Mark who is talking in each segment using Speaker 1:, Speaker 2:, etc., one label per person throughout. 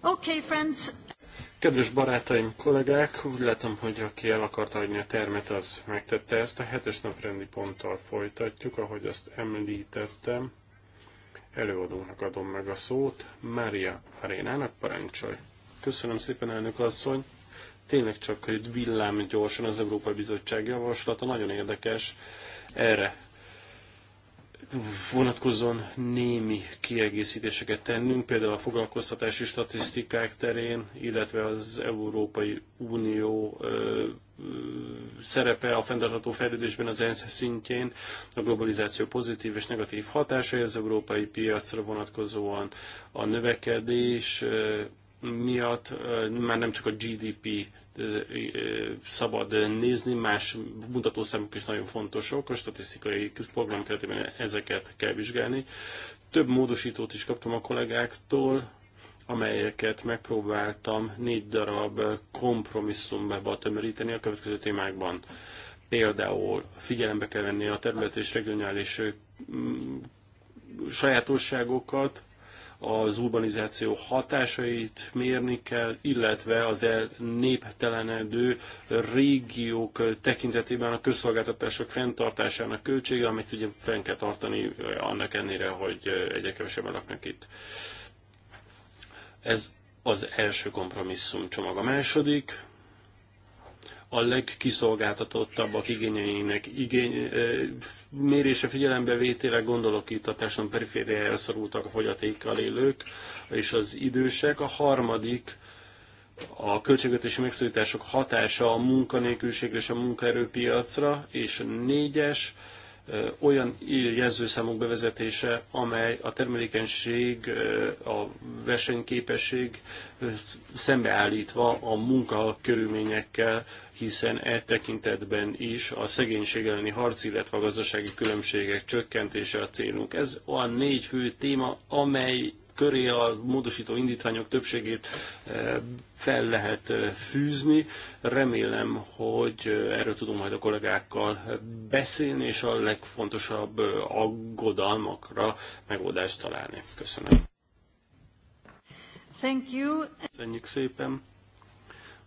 Speaker 1: Okay, friends.
Speaker 2: Kedves barátaim, kollégák, úgy látom, hogy aki el akart adni a termet, az megtette ezt. A hetes naprendi ponttal folytatjuk, ahogy azt említettem. Előadónak adom meg a szót, Mária Arénának parancsolj. Köszönöm szépen, elnök asszony. Tényleg csak, hogy villám gyorsan az Európai Bizottság javaslata, nagyon érdekes. Erre vonatkozóan némi kiegészítéseket tennünk, például a foglalkoztatási statisztikák terén, illetve az Európai Unió szerepe a fenntartható fejlődésben az ENSZ szintjén, a globalizáció pozitív és negatív hatásai az európai piacra vonatkozóan, a növekedés, miatt már nem csak a GDP szabad nézni, más mutatószámok is nagyon fontosok, a statisztikai program keretében ezeket kell vizsgálni. Több módosítót is kaptam a kollégáktól, amelyeket megpróbáltam négy darab kompromisszumba tömöríteni a következő témákban. Például figyelembe kell venni a terület és regionális sajátosságokat, az urbanizáció hatásait mérni kell, illetve az el néptelenedő régiók tekintetében a közszolgáltatások fenntartásának költsége, amit ugye fenn kell tartani eh, annak ennére, hogy eh, egyre kevesebben laknak itt. Ez az első kompromisszum csomag. A második, a legkiszolgáltatottabbak igényeinek igény, mérése vétére gondolok itt a társadalom perifériájára szorultak a fogyatékkal élők és az idősek. A harmadik a költségvetési megszorítások hatása a munkanélküliségre és a munkaerőpiacra, és a négyes olyan jelzőszámok bevezetése, amely a termelékenység, a versenyképesség szembeállítva a munkakörülményekkel, hiszen e tekintetben is a szegénység elleni harc, illetve a gazdasági különbségek csökkentése a célunk. Ez a négy fő téma, amely köré a módosító indítványok többségét eh, fel lehet eh, fűzni. Remélem, hogy eh, erről tudunk majd a kollégákkal beszélni, és a legfontosabb aggodalmakra megoldást találni. Köszönöm.
Speaker 1: Thank you.
Speaker 2: Köszönjük szépen.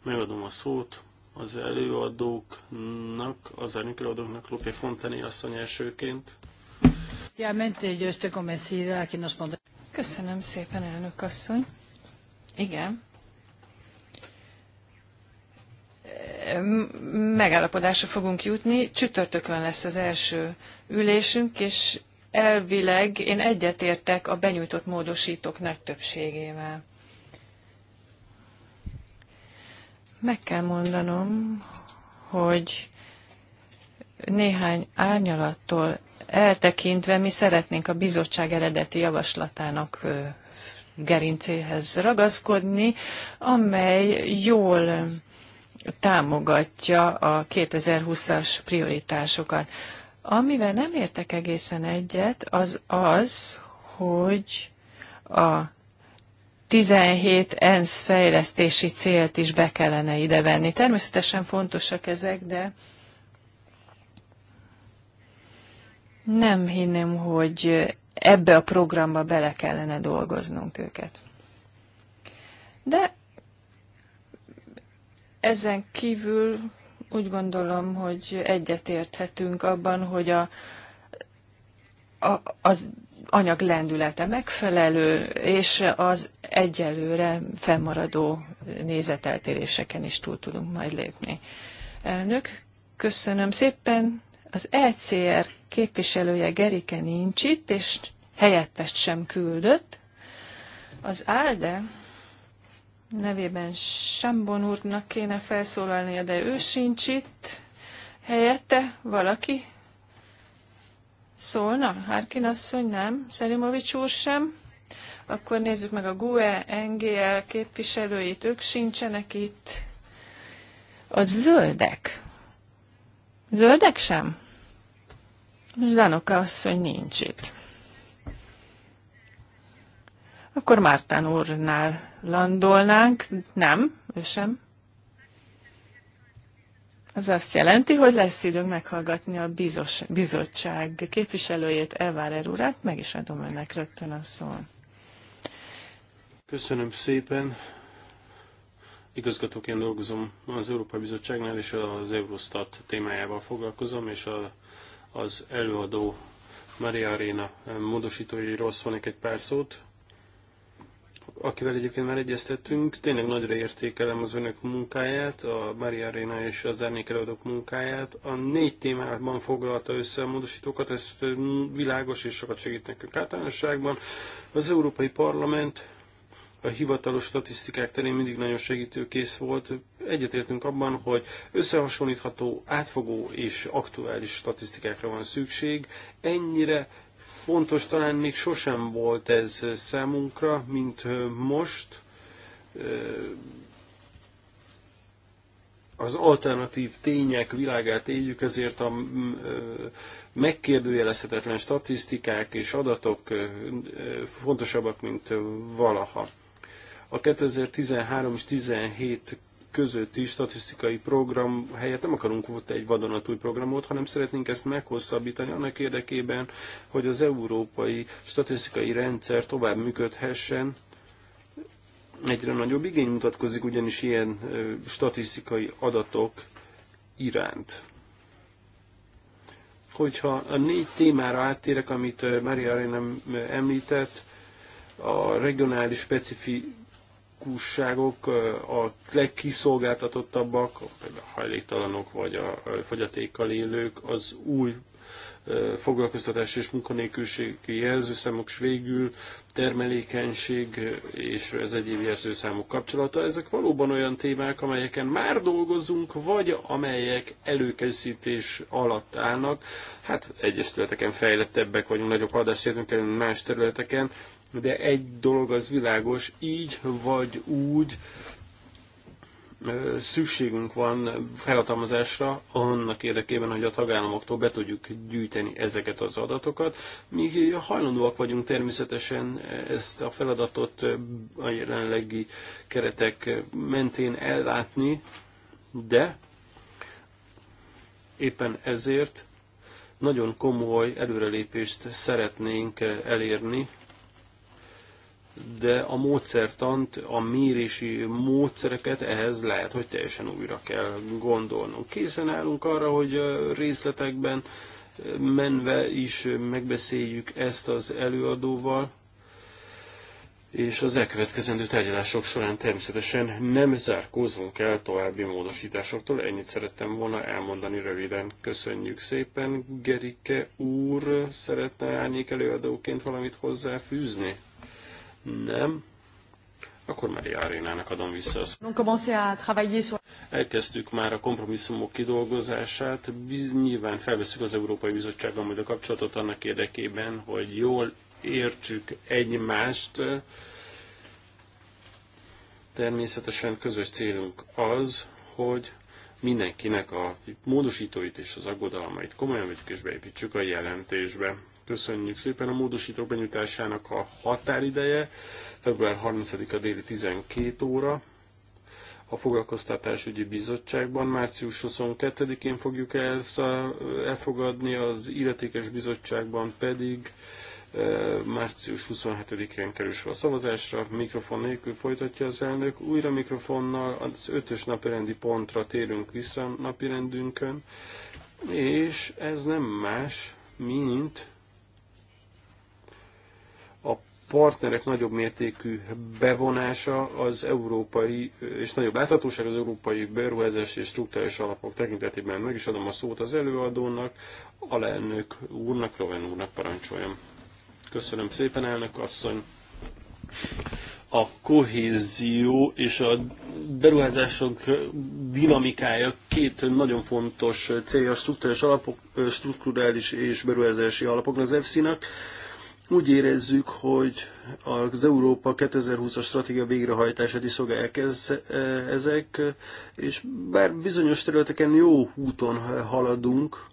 Speaker 2: Megadom a szót az előadóknak, az előadóknak Lopé Fontani asszony elsőként.
Speaker 1: Efectivamente, yo estoy convencida que nos pondrá... Köszönöm szépen, elnök asszony. Igen. Megállapodásra fogunk jutni. Csütörtökön lesz az első ülésünk, és elvileg én egyetértek a benyújtott módosítók nagy többségével. Meg kell mondanom, hogy néhány árnyalattól eltekintve mi szeretnénk a bizottság eredeti javaslatának gerincéhez ragaszkodni, amely jól támogatja a 2020-as prioritásokat. Amivel nem értek egészen egyet, az az, hogy a 17 ENSZ fejlesztési célt is be kellene idevenni. Természetesen fontosak ezek, de Nem hinném, hogy ebbe a programba bele kellene dolgoznunk őket. De ezen kívül úgy gondolom, hogy egyetérthetünk abban, hogy a, a, az anyag lendülete megfelelő, és az egyelőre fennmaradó nézeteltéréseken is túl tudunk majd lépni. Elnök, köszönöm szépen. Az ECR képviselője Gerike nincs itt, és helyettest sem küldött. Az ALDE nevében Sambon úrnak kéne felszólalnia, de ő sincs itt. Helyette valaki szólna? Harkin asszony nem, Szerimovics úr sem. Akkor nézzük meg a GUE, NGL képviselőit, ők sincsenek itt. A zöldek. Zöldek sem? Zsdanoka asszony nincs itt. Akkor Mártán úrnál landolnánk. Nem, ő sem. Az azt jelenti, hogy lesz időnk meghallgatni a bizos, bizottság képviselőjét, Elvárer urát, meg is adom önnek rögtön a szót.
Speaker 2: Köszönöm szépen. Igazgatóként dolgozom az Európai Bizottságnál, és az Eurostat témájával foglalkozom, és a az előadó Maria Arena eh, módosítóiról szólnék egy pár szót, akivel egyébként már egyeztettünk. Tényleg nagyra értékelem az önök munkáját, a Maria Arena és az előadók munkáját. A négy témában foglalta össze a módosítókat, ez mm, világos és sokat segít nekünk általánosságban. Az Európai Parlament a hivatalos statisztikák terén mindig nagyon segítőkész volt. Egyetértünk abban, hogy összehasonlítható, átfogó és aktuális statisztikákra van szükség. Ennyire fontos talán még sosem volt ez számunkra, mint most. Az alternatív tények világát éljük, ezért a megkérdőjelezhetetlen statisztikák és adatok fontosabbak, mint valaha a 2013 és 2017 közötti statisztikai program helyett nem akarunk volt egy vadonatúj programot, hanem szeretnénk ezt meghosszabbítani annak érdekében, hogy az európai statisztikai rendszer tovább működhessen. Egyre nagyobb igény mutatkozik ugyanis ilyen statisztikai adatok iránt. Hogyha a négy témára áttérek, amit Maria nem említett, a regionális specifi, lakosságok, a legkiszolgáltatottabbak, például a hajléktalanok vagy a fogyatékkal élők, az új foglalkoztatás és munkanélküliségi jelzőszámok, és végül termelékenység és az egyéb jelzőszámok kapcsolata. Ezek valóban olyan témák, amelyeken már dolgozunk, vagy amelyek előkészítés alatt állnak. Hát egyes területeken fejlettebbek vagyunk, nagyobb adást értünk el más területeken, de egy dolog az világos, így vagy úgy szükségünk van felhatalmazásra annak érdekében, hogy a tagállamoktól be tudjuk gyűjteni ezeket az adatokat. Mi hajlandóak vagyunk természetesen ezt a feladatot a jelenlegi keretek mentén ellátni, de éppen ezért nagyon komoly előrelépést szeretnénk elérni de a módszertant, a mérési módszereket ehhez lehet, hogy teljesen újra kell gondolnunk. Készen állunk arra, hogy részletekben menve is megbeszéljük ezt az előadóval, és az elkövetkezendő tárgyalások során természetesen nem zárkózunk el további módosításoktól. Ennyit szerettem volna elmondani röviden. Köszönjük szépen. Gerike úr szeretne árnyék előadóként valamit hozzáfűzni? Nem. Akkor Maria Arénának adom vissza a szót. Elkezdtük már a kompromisszumok kidolgozását. Biz, nyilván felveszük az Európai Bizottsággal majd a kapcsolatot annak érdekében, hogy jól értsük egymást. Természetesen közös célunk az, hogy mindenkinek a módosítóit és az aggodalmait komolyan vegyük és beépítsük a jelentésbe. Köszönjük szépen. A módosítók benyújtásának a határideje február 30-a déli 12 óra. A Foglalkoztatásügyi Bizottságban március 22-én fogjuk elfogadni, az Illetékes Bizottságban pedig e, március 27-én kerül sor a szavazásra, mikrofon nélkül folytatja az elnök, újra mikrofonnal az ötös napirendi pontra térünk vissza napirendünkön, és ez nem más, mint partnerek nagyobb mértékű bevonása az európai, és nagyobb láthatóság az európai beruházás és struktúrális alapok tekintetében. Meg is adom a szót az előadónak, alelnök úrnak, Roven úrnak parancsoljam. Köszönöm szépen, elnök asszony! A kohézió és a beruházások dinamikája két nagyon fontos célja a struktúrális, alapok, struktúrális és beruházási alapoknak, az EFSZ-nak úgy érezzük, hogy az Európa 2020-as stratégia végrehajtását is szolgálják eh, ezek, és bár bizonyos területeken jó úton haladunk,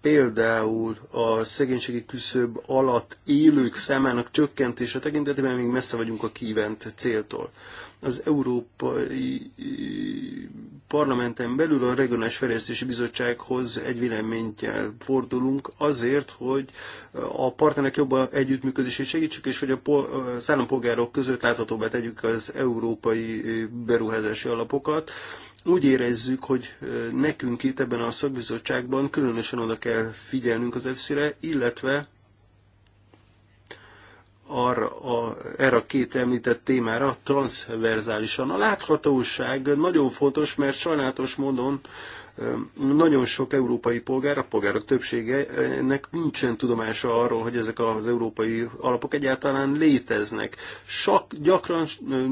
Speaker 2: például a szegénységi küszöb alatt élők számának csökkentése tekintetében még messze vagyunk a kívánt céltól az Európai Parlamenten belül a Regionális Fejlesztési Bizottsághoz egy véleményel fordulunk azért, hogy a partnerek jobban együttműködését segítsük, és hogy a szállampolgárok között láthatóbbá tegyük az európai beruházási alapokat úgy érezzük, hogy nekünk itt ebben a szakbizottságban különösen oda kell figyelnünk az EFSZ-re, illetve arra a, erre a két említett témára transzverzálisan. A láthatóság nagyon fontos, mert sajnálatos módon nagyon sok európai polgár, a polgárok többségenek nincsen tudomása arról, hogy ezek az európai alapok egyáltalán léteznek. Sok gyakran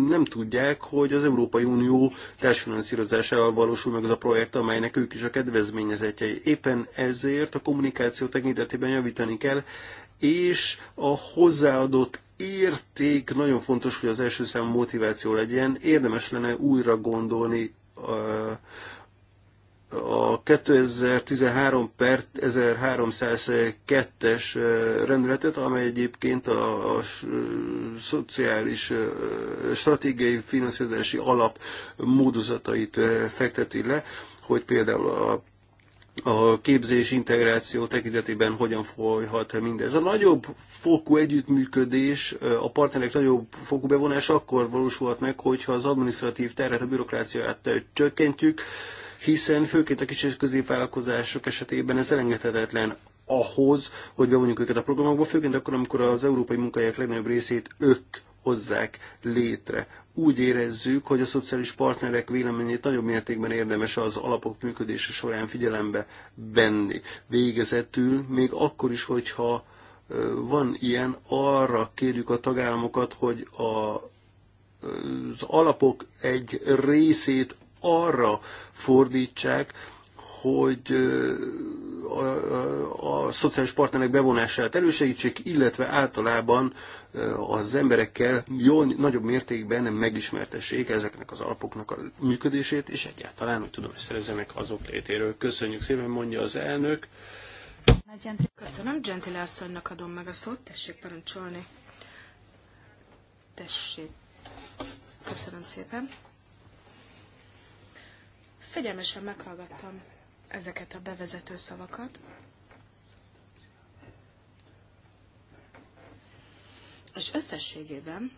Speaker 2: nem tudják, hogy az Európai Unió társfinanszírozásával valósul meg az a projekt, amelynek ők is a kedvezményezetjei. Éppen ezért a kommunikáció tekintetében javítani kell, és a hozzáadott érték nagyon fontos, hogy az első számú motiváció legyen. Érdemes lenne újra gondolni a 2013 per 1302-es rendeletet, amely egyébként a, a szociális stratégiai finanszírozási alap módozatait fekteti le, hogy például a a képzés integráció tekintetében hogyan folyhat mindez. A nagyobb fokú együttműködés, a partnerek nagyobb fokú bevonás akkor valósulhat meg, hogyha az administratív terhet, a bürokráciát csökkentjük, hiszen főként a kis és középvállalkozások esetében ez elengedhetetlen ahhoz, hogy bevonjuk őket a programokba, főként akkor, amikor az európai munkahelyek legnagyobb részét ők hozzák létre. Úgy érezzük, hogy a szociális partnerek véleményét nagyobb mértékben érdemes az alapok működése során figyelembe venni. Végezetül, még akkor is, hogyha van ilyen, arra kérjük a tagállamokat, hogy a, az alapok egy részét arra fordítsák, hogy a szociális partnerek bevonását elősegítsék, illetve általában az emberekkel jó, nagyobb mértékben megismertessék ezeknek az alapoknak a működését, és egyáltalán, hogy tudom, szerezzenek azok létéről. Köszönjük szépen, mondja az elnök.
Speaker 3: Köszönöm, Gentile asszonynak adom meg a szót, tessék parancsolni. Tessék. Köszönöm szépen. Figyelmesen meghallgattam ezeket a bevezető szavakat. És összességében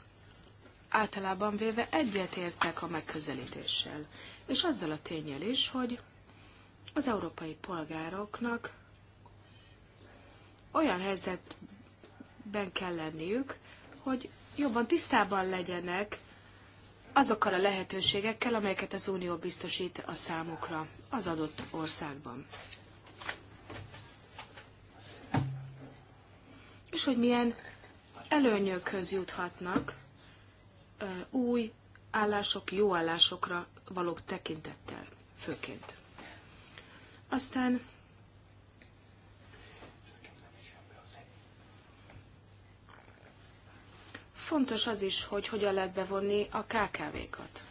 Speaker 3: általában véve egyetértek a megközelítéssel, és azzal a tényel is, hogy az európai polgároknak olyan helyzetben kell lenniük, hogy jobban tisztában legyenek azokkal a lehetőségekkel, amelyeket az Unió biztosít a számukra az adott országban. És hogy milyen előnyökhöz juthatnak új állások, jó állásokra való tekintettel főként. Aztán fontos az is, hogy hogyan lehet bevonni a KKV-kat.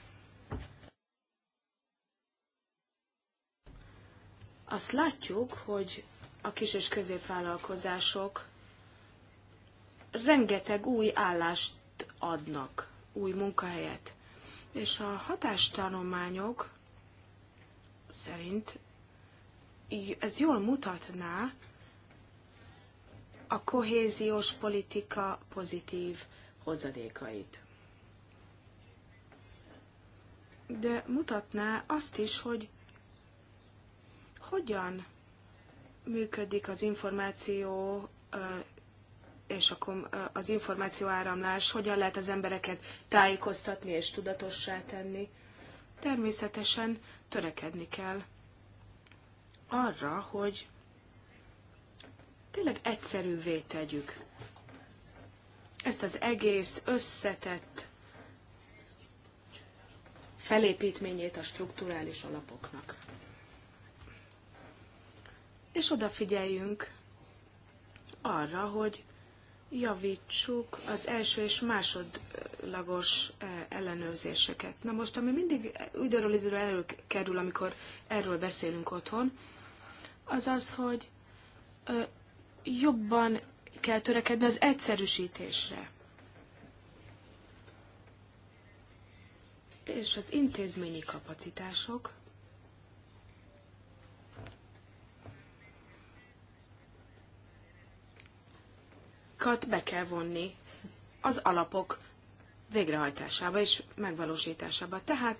Speaker 3: Azt látjuk, hogy a kis és középvállalkozások rengeteg új állást adnak, új munkahelyet. És a hatástanományok szerint ez jól mutatná a kohéziós politika pozitív hozadékait. De mutatná azt is, hogy hogyan működik az információ és akkor az információ áramlás, hogyan lehet az embereket tájékoztatni és tudatossá tenni. Természetesen törekedni kell arra, hogy tényleg egyszerűvé tegyük ezt az egész összetett felépítményét a strukturális alapoknak. És odafigyeljünk arra, hogy javítsuk az első és másodlagos eh, ellenőrzéseket. Na most, ami mindig időről időre előkerül, amikor erről beszélünk otthon, az az, hogy eh, jobban kell törekedni az egyszerűsítésre. És az intézményi kapacitások kat be kell vonni az alapok végrehajtásába és megvalósításába. Tehát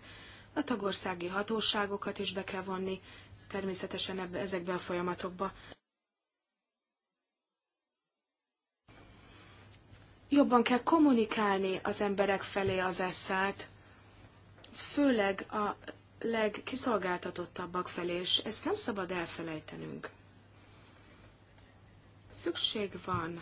Speaker 3: a tagországi hatóságokat is be kell vonni természetesen ebbe, ezekbe a folyamatokba. jobban kell kommunikálni az emberek felé az eszát, főleg a legkiszolgáltatottabbak felé, és ezt nem szabad elfelejtenünk. Szükség van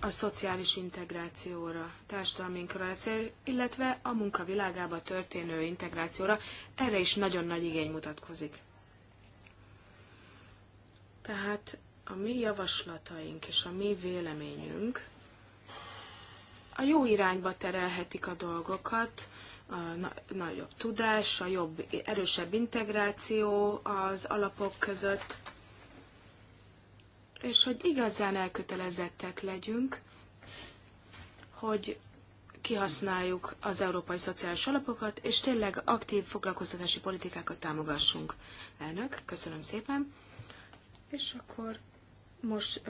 Speaker 3: a szociális integrációra, társadalmi integrációra, illetve a munkavilágába történő integrációra. Erre is nagyon nagy igény mutatkozik. Tehát a mi javaslataink és a mi véleményünk a jó irányba terelhetik a dolgokat, a nagyobb tudás, a jobb, erősebb integráció az alapok között, és hogy igazán elkötelezettek legyünk, hogy kihasználjuk az európai szociális alapokat, és tényleg aktív foglalkoztatási politikákat támogassunk. Elnök, köszönöm szépen. És akkor most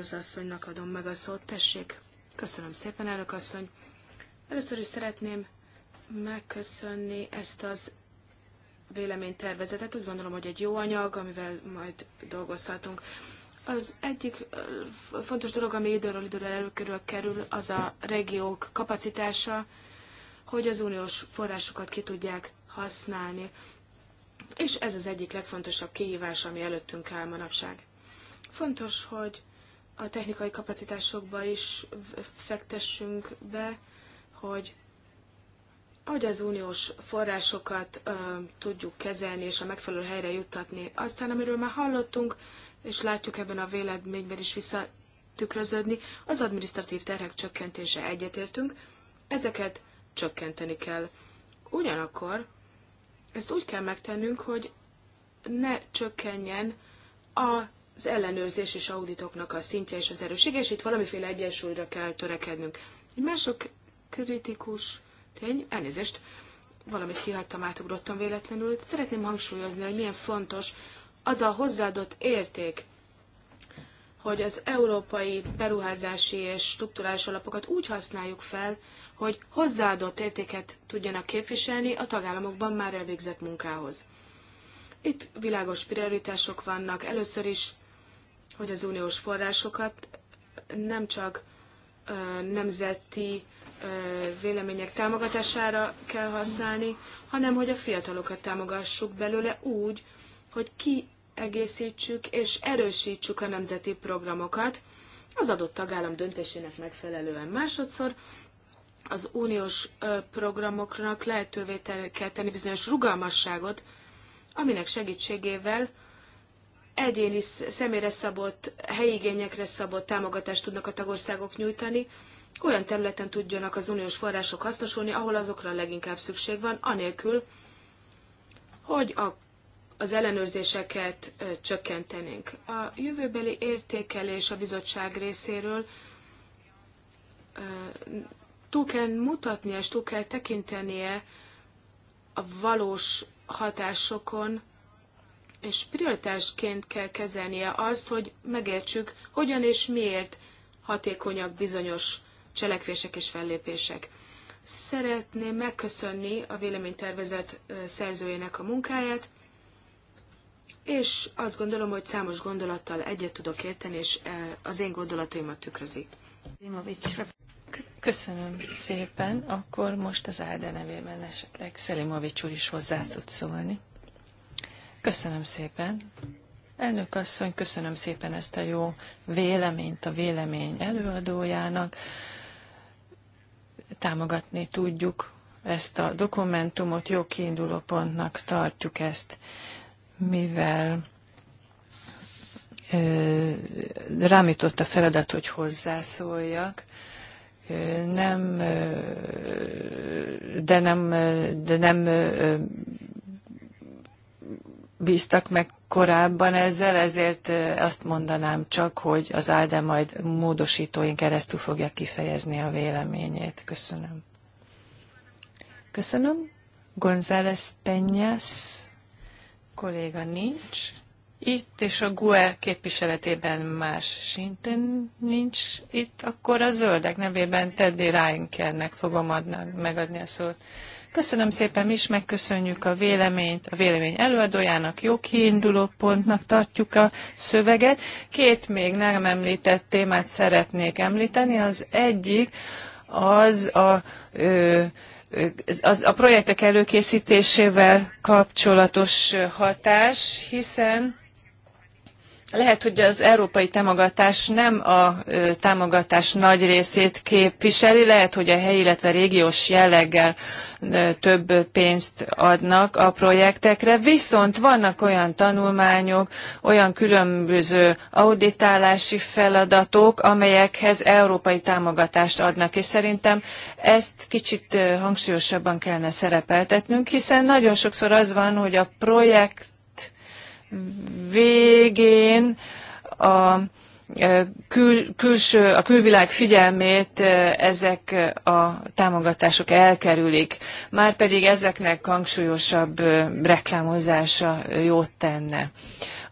Speaker 3: az asszonynak adom meg a szót, tessék. Köszönöm szépen, elnök asszony. Először is szeretném megköszönni ezt az véleménytervezetet. Úgy gondolom, hogy egy jó anyag, amivel majd dolgozhatunk. Az egyik fontos dolog, ami időről időre előkerül, kerül, az a regiók kapacitása, hogy az uniós forrásokat ki tudják használni. És ez az egyik legfontosabb kihívás, ami előttünk áll manapság. Fontos, hogy a technikai kapacitásokba is fektessünk be, hogy hogy az uniós forrásokat ö, tudjuk kezelni és a megfelelő helyre juttatni. Aztán, amiről már hallottunk, és látjuk ebben a véleményben is visszatükröződni, az administratív terhek csökkentése egyetértünk, ezeket csökkenteni kell. Ugyanakkor ezt úgy kell megtennünk, hogy ne csökkenjen a az ellenőrzés és auditoknak a szintje és az erőség, és itt valamiféle egyensúlyra kell törekednünk. Egy mások kritikus tény, elnézést, valamit kihagytam, átugrottam véletlenül. Szeretném hangsúlyozni, hogy milyen fontos az a hozzáadott érték, hogy az európai beruházási és struktúrális alapokat úgy használjuk fel, hogy hozzáadott értéket tudjanak képviselni a tagállamokban már elvégzett munkához. Itt világos prioritások vannak. Először is hogy az uniós forrásokat nem csak nemzeti vélemények támogatására kell használni, hanem hogy a fiatalokat támogassuk belőle úgy, hogy kiegészítsük és erősítsük a nemzeti programokat az adott tagállam döntésének megfelelően. Másodszor az uniós programoknak lehetővé kell tenni bizonyos rugalmasságot, aminek segítségével egyéni személyre szabott, helyigényekre szabott támogatást tudnak a tagországok nyújtani, olyan területen tudjanak az uniós források hasznosulni, ahol azokra leginkább szükség van, anélkül, hogy a, az ellenőrzéseket ö, csökkentenénk. A jövőbeli értékelés a bizottság részéről ö, túl kell mutatnia és túl kell tekintenie a valós hatásokon, és prioritásként kell kezelnie azt, hogy megértsük, hogyan és miért hatékonyak bizonyos cselekvések és fellépések. Szeretném megköszönni a véleménytervezet szerzőjének a munkáját, és azt gondolom, hogy számos gondolattal egyet tudok érteni, és az én gondolataimat tükrözi.
Speaker 1: Köszönöm szépen. Akkor most az Áde nevében esetleg Szelimovics úr is hozzá tud szólni. Köszönöm szépen. Elnök asszony, köszönöm szépen ezt a jó véleményt a vélemény előadójának. Támogatni tudjuk ezt a dokumentumot, jó kiinduló pontnak tartjuk ezt, mivel rámított a feladat, hogy hozzászóljak nem, de nem, de nem bíztak meg korábban ezzel, ezért azt mondanám csak, hogy az Álde majd módosítóin keresztül fogja kifejezni a véleményét. Köszönöm. Köszönöm. González Penyász kolléga nincs. Itt és a GUE képviseletében más szinten nincs itt, akkor a zöldek nevében Teddy Reinkernek fogom adni megadni a szót. Köszönöm szépen, mi is megköszönjük a véleményt. A vélemény előadójának jó kiinduló pontnak tartjuk a szöveget. Két még nem említett témát szeretnék említeni. Az egyik az a ö, az a projektek előkészítésével kapcsolatos hatás, hiszen lehet, hogy az európai támogatás nem a támogatás nagy részét képviseli, lehet, hogy a helyi, illetve régiós jelleggel több pénzt adnak a projektekre, viszont vannak olyan tanulmányok, olyan különböző auditálási feladatok, amelyekhez európai támogatást adnak, és szerintem ezt kicsit hangsúlyosabban kellene szerepeltetnünk, hiszen nagyon sokszor az van, hogy a projekt végén a e, kül, külső, a külvilág figyelmét e, ezek a támogatások elkerülik, márpedig ezeknek hangsúlyosabb e, reklámozása jót tenne.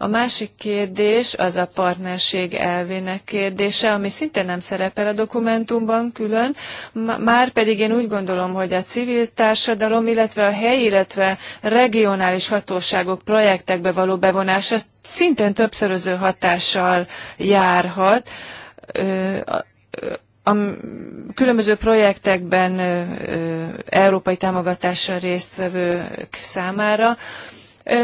Speaker 1: A másik kérdés az a partnerség elvének kérdése, ami szintén nem szerepel a dokumentumban külön, már pedig én úgy gondolom, hogy a civil társadalom, illetve a helyi, illetve regionális hatóságok projektekbe való bevonása szintén többszöröző hatással járhat. A különböző projektekben európai támogatással résztvevők számára.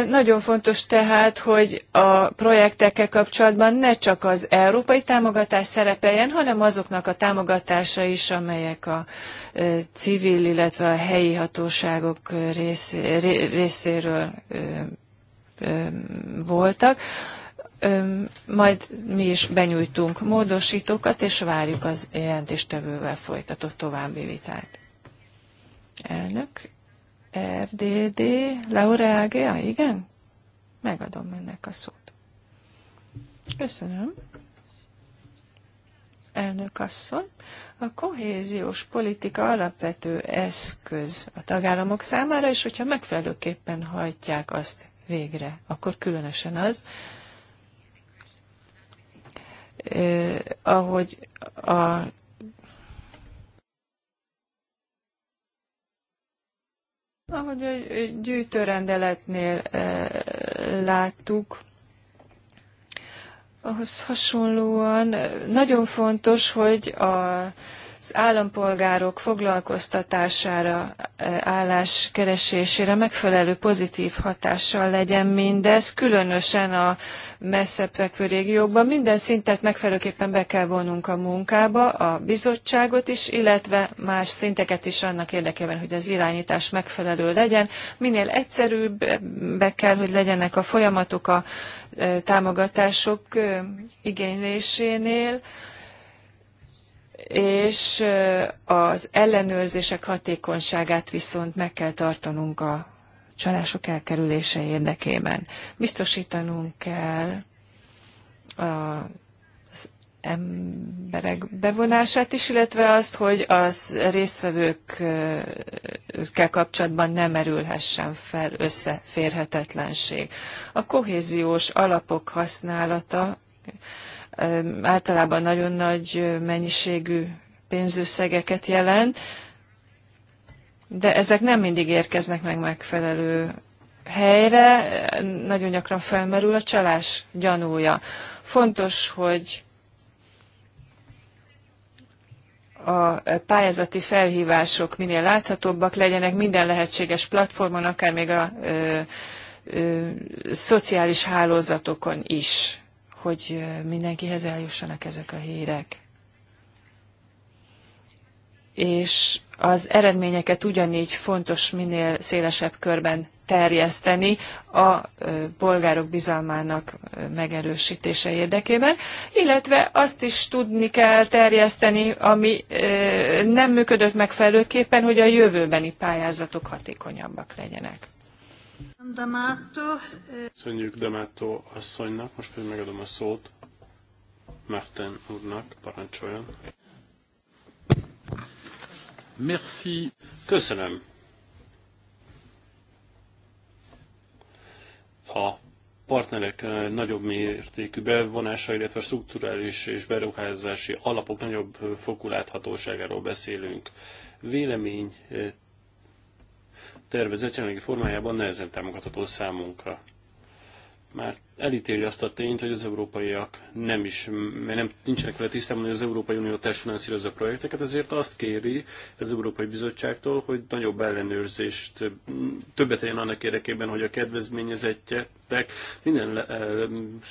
Speaker 1: Nagyon fontos tehát, hogy a projektekkel kapcsolatban ne csak az európai támogatás szerepeljen, hanem azoknak a támogatása is, amelyek a civil, illetve a helyi hatóságok részéről voltak. Majd mi is benyújtunk módosítókat, és várjuk az jelentéstevővel folytatott további vitát. Elnök, FDD, Laura igen? Megadom ennek a szót. Köszönöm. Elnök asszony, a kohéziós politika alapvető eszköz a tagállamok számára, és hogyha megfelelőképpen hajtják azt végre, akkor különösen az, eh, ahogy a Ahogy a gyűjtőrendeletnél e, láttuk, ahhoz hasonlóan e, nagyon fontos, hogy a az állampolgárok foglalkoztatására, e, álláskeresésére megfelelő pozitív hatással legyen mindez, különösen a messzebb fekvő régiókban. Minden szintet megfelelőképpen be kell vonnunk a munkába, a bizottságot is, illetve más szinteket is annak érdekében, hogy az irányítás megfelelő legyen. Minél egyszerűbb e, be kell, hogy legyenek a folyamatok a e, támogatások igénylésénél és az ellenőrzések hatékonyságát viszont meg kell tartanunk a csalások elkerülése érdekében. Biztosítanunk kell az emberek bevonását is, illetve azt, hogy az résztvevőkkel kapcsolatban nem merülhessen fel összeférhetetlenség. A kohéziós alapok használata általában nagyon nagy mennyiségű pénzösszegeket jelent, de ezek nem mindig érkeznek meg megfelelő helyre, nagyon gyakran felmerül a csalás gyanúja. Fontos, hogy a pályázati felhívások minél láthatóbbak legyenek minden lehetséges platformon, akár még a ö, ö, szociális hálózatokon is hogy mindenkihez eljussanak ezek a hírek. És az eredményeket ugyanígy fontos minél szélesebb körben terjeszteni a polgárok bizalmának megerősítése érdekében, illetve azt is tudni kell terjeszteni, ami nem működött megfelelőképpen, hogy a jövőbeni pályázatok hatékonyabbak legyenek.
Speaker 3: Damato. Eh,
Speaker 2: Köszönjük Damato asszonynak, most pedig megadom a szót Márten úrnak, parancsoljon. Merci. Köszönöm. A partnerek eh, nagyobb mértékű bevonása, illetve strukturális és beruházási alapok nagyobb fokú láthatóságáról beszélünk. Vélemény eh, tervezet jelenlegi formájában nehezen támogatható számunkra már elítéli azt a tényt, hogy az európaiak nem is, mert nem, nincsenek vele tisztában, hogy az Európai Unió társfinanszírozza a projekteket, ezért azt kéri az Európai Bizottságtól, hogy nagyobb ellenőrzést, többet legyen annak érdekében, hogy a kedvezményezettek minden eh,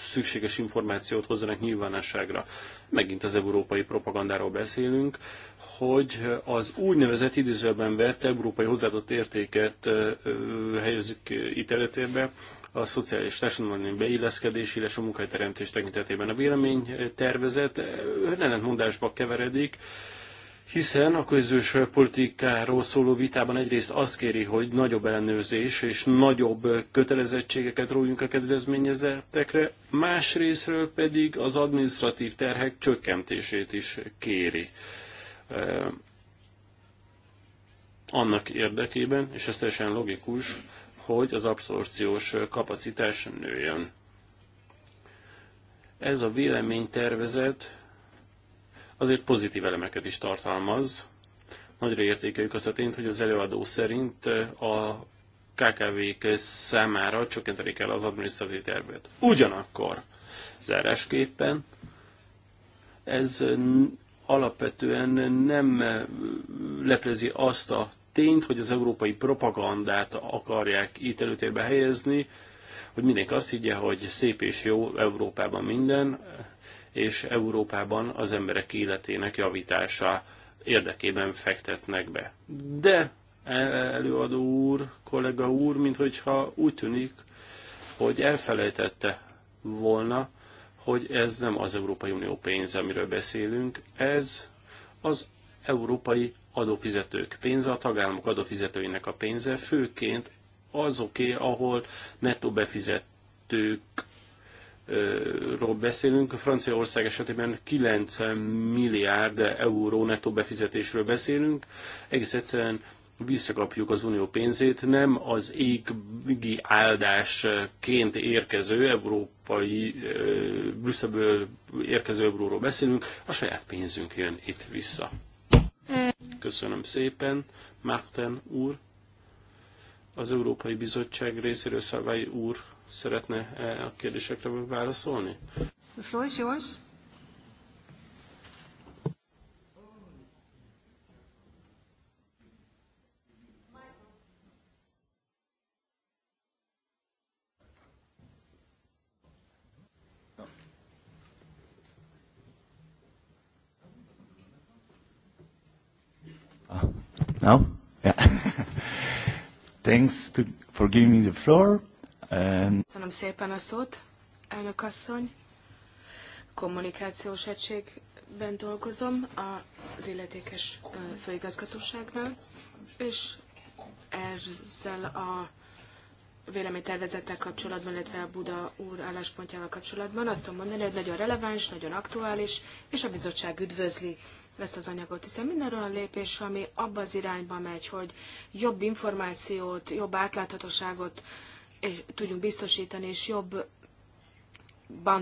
Speaker 2: szükséges információt hozzanak nyilvánosságra. Megint az európai propagandáról beszélünk, hogy az úgynevezett idézőben vett európai hozzáadott értéket eh, helyezzük itt előtérbe, a szociális társadalmi beilleszkedésére és a munkahelyteremtés tekintetében. A vélemény eh, tervezet eh, ellentmondásba keveredik, hiszen a közös politikáról szóló vitában egyrészt azt kéri, hogy nagyobb ellenőrzés és nagyobb kötelezettségeket rójunk a kedvezményezettekre, másrésztről pedig az administratív terhek csökkentését is kéri. Eh, annak érdekében, és ez teljesen logikus, hogy az abszorpciós kapacitás nőjön. Ez a véleménytervezet azért pozitív elemeket is tartalmaz. Nagyra értékeljük azt a tényt, hogy az előadó szerint a KKV-k számára csökkenteni kell az adminisztratív tervet. Ugyanakkor zárásképpen ez alapvetően nem leplezi azt a tényt, hogy az európai propagandát akarják itt előtérbe helyezni, hogy mindenki azt higgye, hogy szép és jó Európában minden, és Európában az emberek életének javítása érdekében fektetnek be. De előadó úr, kollega úr, mint hogyha úgy tűnik, hogy elfelejtette volna, hogy ez nem az Európai Unió pénz, amiről beszélünk, ez az európai adófizetők pénze, a tagállamok adófizetőinek a pénze, főként azoké, ahol nettó befizetők ról beszélünk. Franciaország esetében 9 milliárd euró nettó befizetésről beszélünk. Egész egyszerűen visszakapjuk az unió pénzét, nem az égi áldásként érkező európai, Brüsszelből érkező euróról beszélünk, a saját pénzünk jön itt vissza. Köszönöm szépen, Márten úr. Az Európai Bizottság részéről Szagai úr szeretne -e a kérdésekre válaszolni?
Speaker 1: The floor is yours. No? Yeah. Thanks to, for giving me the floor. Köszönöm
Speaker 3: szépen a szót, elnök asszony. Kommunikációs egységben dolgozom az illetékes főigazgatóságban, és ezzel a véleménytervezettel kapcsolatban, illetve a Buda úr álláspontjával kapcsolatban azt tudom mondani, hogy nagyon releváns, nagyon aktuális, és a bizottság üdvözli ezt az anyagot, hiszen minden olyan lépés, ami abba az irányba megy, hogy jobb információt, jobb átláthatóságot és tudjunk biztosítani, és jobban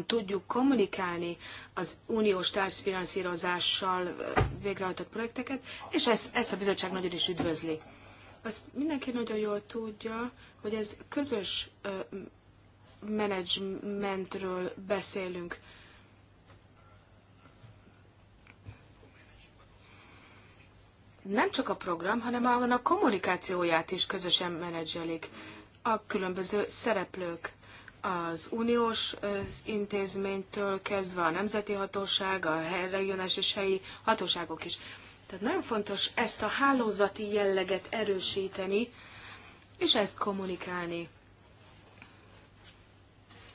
Speaker 3: tudjuk kommunikálni az uniós társfinanszírozással végrehajtott projekteket, és ezt, ezt a bizottság nagyon is üdvözli. Azt mindenki nagyon jól tudja, hogy ez közös menedzsmentről beszélünk nem csak a program, hanem a kommunikációját is közösen menedzselik a különböző szereplők az uniós intézménytől kezdve a nemzeti hatóság, a regionális és helyi hatóságok is. Tehát nagyon fontos ezt a hálózati jelleget erősíteni, és ezt kommunikálni.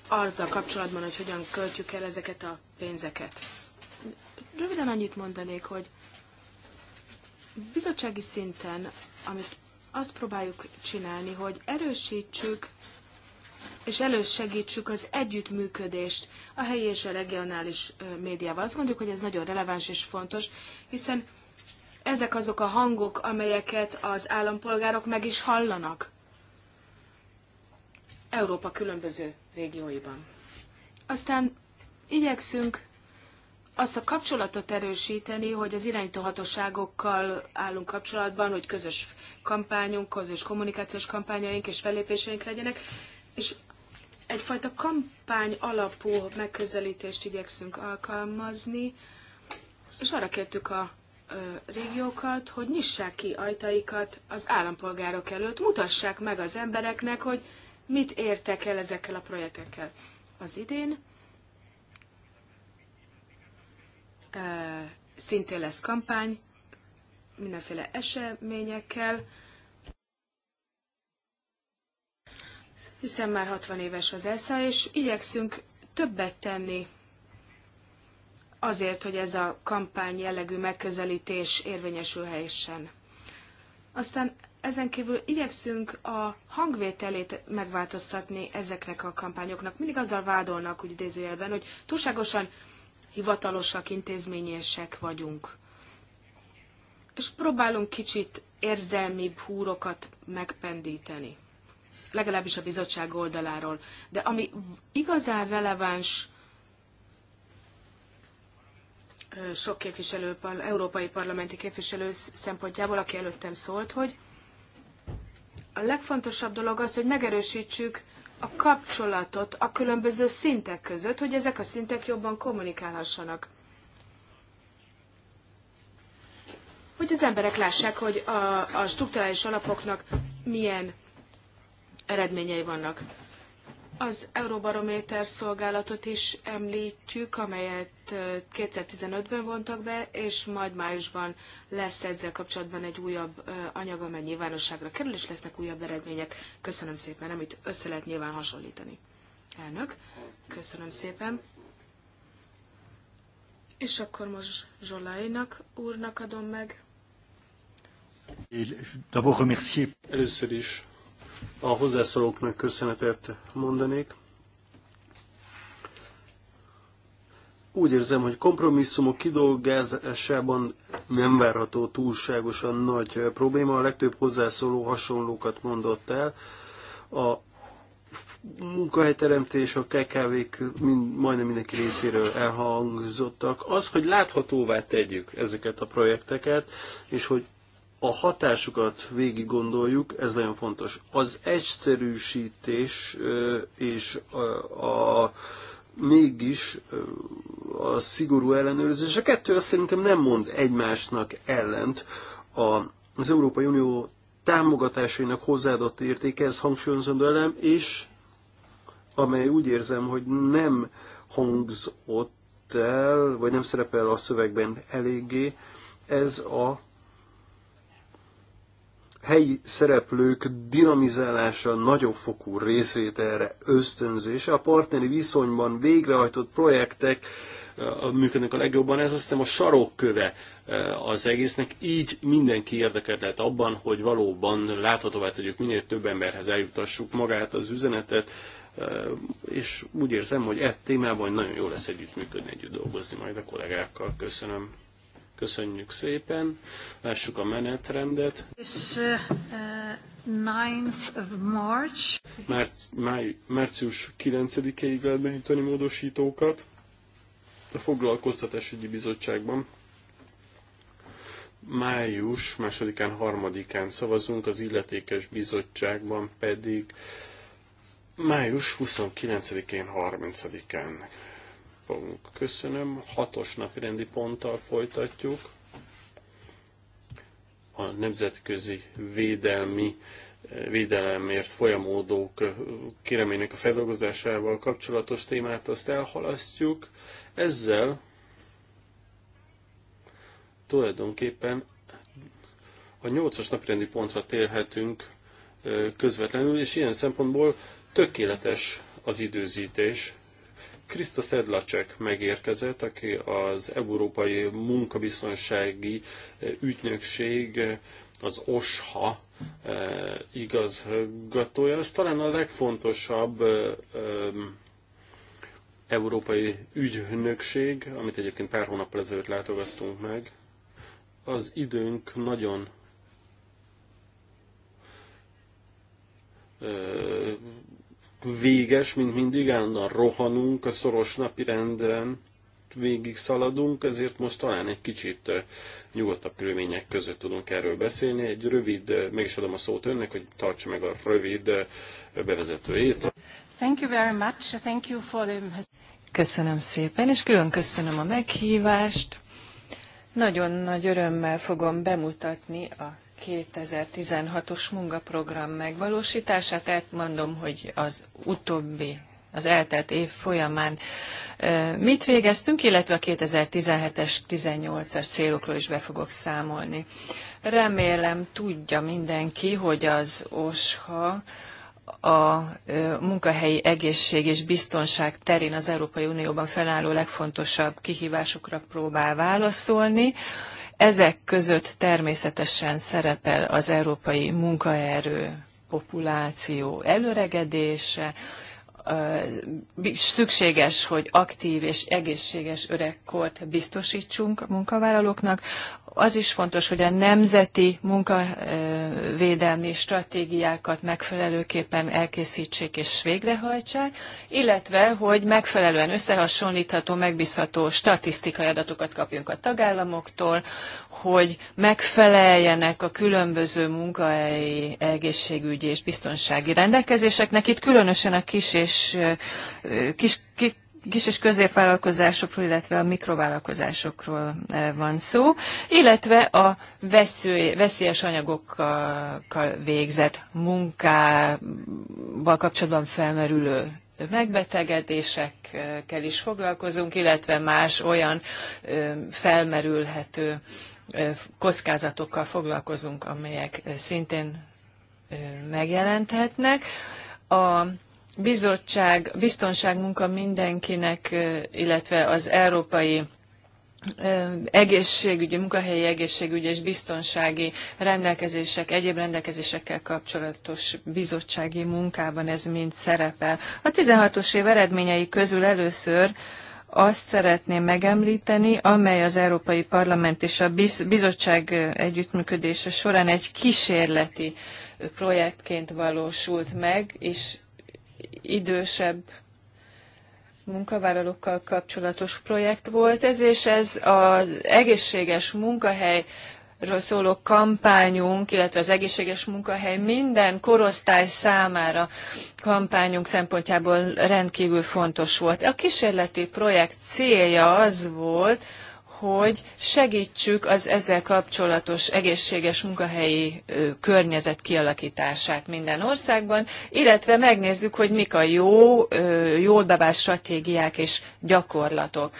Speaker 3: Azzal kapcsolatban, hogy hogyan költjük el ezeket a pénzeket. Röviden annyit mondanék, hogy bizottsági szinten, amit azt próbáljuk csinálni, hogy erősítsük és elősegítsük az együttműködést a helyi és a regionális médiával. Azt gondoljuk, hogy ez nagyon releváns és fontos, hiszen ezek azok a hangok, amelyeket az állampolgárok meg is hallanak Európa különböző régióiban. Aztán igyekszünk azt a kapcsolatot erősíteni, hogy az irányítóhatóságokkal állunk kapcsolatban, hogy közös kampányunk, közös kommunikációs kampányaink és fellépéseink legyenek, és egyfajta kampány alapú megközelítést igyekszünk alkalmazni, és arra kértük a régiókat, hogy nyissák ki ajtaikat az állampolgárok előtt, mutassák meg az embereknek, hogy mit értek el ezekkel a projektekkel. Az idén szintén lesz kampány, mindenféle eseményekkel, hiszen már 60 éves az ESZA, és igyekszünk többet tenni azért, hogy ez a kampány jellegű megközelítés érvényesülhessen. Aztán ezen kívül igyekszünk a hangvételét megváltoztatni ezeknek a kampányoknak. Mindig azzal vádolnak, úgy idézőjelben, hogy túlságosan hivatalosak, intézményesek vagyunk. És próbálunk kicsit érzelmibb húrokat megpendíteni. Legalábbis a bizottság oldaláról. De ami igazán releváns sok képviselő, európai parlamenti képviselő szempontjából, aki előttem szólt, hogy a legfontosabb dolog az, hogy megerősítsük a kapcsolatot a különböző szintek között, hogy ezek a szintek jobban kommunikálhassanak. Hogy az emberek lássák, hogy a, a strukturális alapoknak milyen eredményei vannak. Az Euróbarométer szolgálatot is említjük, amelyet 2015-ben vontak be, és majd májusban lesz ezzel kapcsolatban egy újabb anyag, amely nyilvánosságra kerül, és lesznek újabb eredmények. Köszönöm szépen, amit össze lehet nyilván hasonlítani. Elnök, köszönöm szépen. És akkor most Zsolainak úrnak adom meg.
Speaker 2: Először is a hozzászólóknak köszönetet mondanék. Úgy érzem, hogy kompromisszumok kidolgozásában nem várható túlságosan nagy probléma. A legtöbb hozzászóló hasonlókat mondott el. A munkahelyteremtés, a KKV-k mind, majdnem mindenki részéről elhangzottak. Az, hogy láthatóvá tegyük ezeket a projekteket, és hogy a hatásukat végig gondoljuk, ez nagyon fontos. Az egyszerűsítés és a mégis a szigorú ellenőrzés. A kettő azt szerintem nem mond egymásnak ellent. A, az Európai Unió támogatásainak hozzáadott értéke, ez hangsúlyozandó elem, és amely úgy érzem, hogy nem hangzott el, vagy nem szerepel a szövegben eléggé, ez a helyi szereplők dinamizálása, nagyobb fokú részvételre ösztönzése, a partneri viszonyban végrehajtott projektek eh, működnek a legjobban, ez azt hiszem a sarokköve eh, az egésznek, így mindenki érdekelt lehet abban, hogy valóban láthatóvá tegyük, minél több emberhez eljutassuk magát az üzenetet, eh, és úgy érzem, hogy e témában nagyon jó lesz együttműködni, együtt dolgozni majd a kollégákkal. Köszönöm. Köszönjük szépen. Lássuk a menetrendet.
Speaker 1: This, uh, uh of March.
Speaker 2: máj, március 9-ig lehet benyújtani módosítókat a Foglalkoztatásügyi Bizottságban. Május másodikán, harmadikán szavazunk, az illetékes bizottságban pedig május 29-én, 30-án fogunk. Köszönöm. Hatos napirendi ponttal folytatjuk. A nemzetközi védelmi védelemért folyamódók kéreménynek a feldolgozásával kapcsolatos témát azt elhalasztjuk. Ezzel tulajdonképpen a nyolcas napirendi pontra térhetünk közvetlenül, és ilyen szempontból tökéletes az időzítés. Krista Sedlacek megérkezett, aki az Európai Munkabiztonsági eh, Ügynökség, eh, az OSHA eh, igazgatója. Ez talán a legfontosabb európai ügynökség, amit egyébként pár hónappal ezelőtt látogattunk meg. Az időnk nagyon véges, mint mindig, állandóan rohanunk a szoros napirenden, végig szaladunk, ezért most talán egy kicsit nyugodtabb körülmények között tudunk erről beszélni. Egy rövid, meg is adom a szót önnek, hogy tartsa meg a rövid bevezetőjét.
Speaker 1: Thank you very much. Thank you for the... Köszönöm szépen, és külön köszönöm a meghívást. Nagyon nagy örömmel fogom bemutatni a 2016-os munkaprogram megvalósítását. Elmondom, hogy az utóbbi az eltelt év folyamán mit végeztünk, illetve a 2017-es, 18-as célokról is be fogok számolni. Remélem tudja mindenki, hogy az OSHA a munkahelyi egészség és biztonság terén az Európai Unióban felálló legfontosabb kihívásokra próbál válaszolni ezek között természetesen szerepel az európai munkaerő populáció előregedése, szükséges, hogy aktív és egészséges öregkort biztosítsunk a munkavállalóknak. Az is fontos, hogy a nemzeti munkavédelmi stratégiákat megfelelőképpen elkészítsék és végrehajtsák, illetve, hogy megfelelően összehasonlítható, megbízható statisztikai adatokat kapjunk a tagállamoktól, hogy megfeleljenek a különböző munkahelyi egészségügyi és biztonsági rendelkezéseknek. Itt különösen a kis és és kis, kis és középvállalkozásokról, illetve a mikrovállalkozásokról van szó, illetve a vesző, veszélyes anyagokkal végzett munkával kapcsolatban felmerülő megbetegedésekkel is foglalkozunk, illetve más olyan felmerülhető kockázatokkal foglalkozunk, amelyek szintén megjelenthetnek. A bizottság, biztonságmunka mindenkinek, illetve az európai egészségügyi, munkahelyi egészségügyi és biztonsági rendelkezések, egyéb rendelkezésekkel kapcsolatos bizottsági munkában ez mind szerepel. A 16-os év eredményei közül először azt szeretném megemlíteni, amely az Európai Parlament és a Bizottság együttműködése során egy kísérleti projektként valósult meg, és idősebb munkavállalókkal kapcsolatos projekt volt ez, és ez az egészséges munkahely ről szóló kampányunk, illetve az egészséges munkahely minden korosztály számára kampányunk szempontjából rendkívül fontos volt. A kísérleti projekt célja az volt, hogy segítsük az ezzel kapcsolatos egészséges munkahelyi környezet kialakítását minden országban, illetve megnézzük, hogy mik a jó, jól bevált stratégiák és gyakorlatok.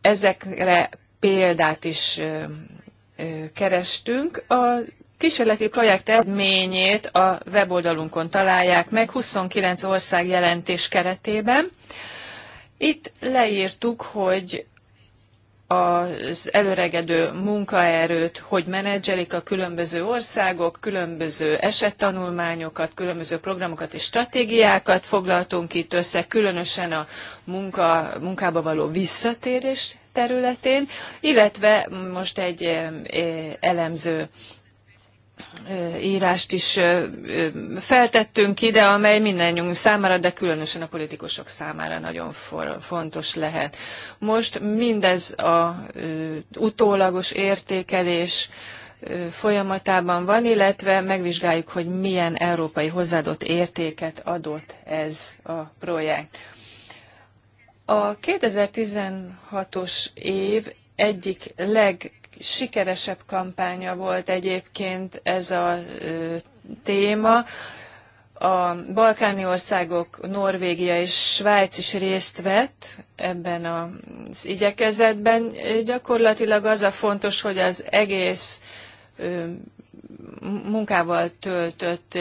Speaker 1: Ezekre példát is kerestünk. A kísérleti projekt eredményét a weboldalunkon találják meg 29 ország jelentés keretében. Itt leírtuk, hogy az előregedő munkaerőt, hogy menedzselik a különböző országok, különböző esettanulmányokat, különböző programokat és stratégiákat foglaltunk itt össze, különösen a munka, munkába való visszatérés területén, illetve most egy eh, eh, elemző írást is feltettünk ide, amely mindannyiunk számára, de különösen a politikusok számára nagyon fontos lehet. Most mindez a utólagos értékelés folyamatában van, illetve megvizsgáljuk, hogy milyen európai hozzáadott értéket adott ez a projekt. A 2016-os év egyik leg sikeresebb kampánya volt egyébként ez a téma. A balkáni országok, Norvégia és Svájc is részt vett ebben az igyekezetben. Gyakorlatilag az a fontos, hogy az egész munkával töltött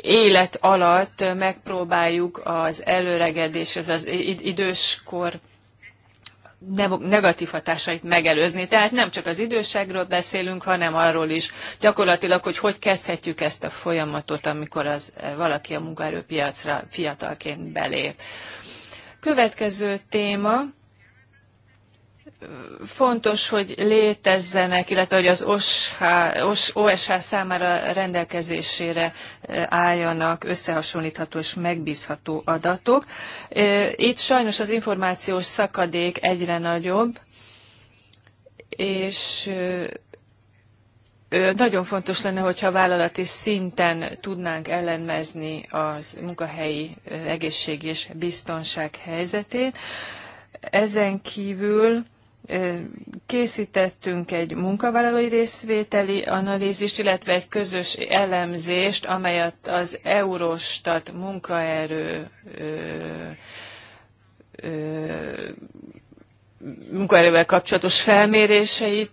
Speaker 1: élet alatt megpróbáljuk az előregedés, az időskor negatív hatásait megelőzni. Tehát nem csak az időságról beszélünk, hanem arról is gyakorlatilag, hogy hogy kezdhetjük ezt a folyamatot, amikor az, eh, valaki a munkaerőpiacra fiatalként belép. Következő téma fontos, hogy létezzenek, illetve hogy az OSH, OSH számára rendelkezésére eh, álljanak összehasonlítható és megbízható adatok. Eh, itt sajnos az információs szakadék egyre nagyobb, és eh, nagyon fontos lenne, hogyha vállalati szinten tudnánk ellenmezni az munkahelyi egészség és biztonság helyzetét. Ezen kívül készítettünk egy munkavállalói részvételi analízist, illetve egy közös elemzést, amelyet az Eurostat munkaerő munkaerővel kapcsolatos felméréseit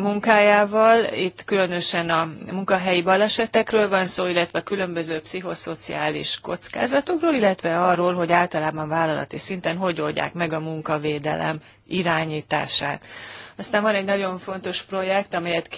Speaker 1: munkájával. Itt különösen a munkahelyi balesetekről van szó, illetve különböző pszichoszociális kockázatokról, illetve arról, hogy általában vállalati szinten hogy oldják meg a munkavédelem irányítását. Aztán van egy nagyon fontos projekt, amelyet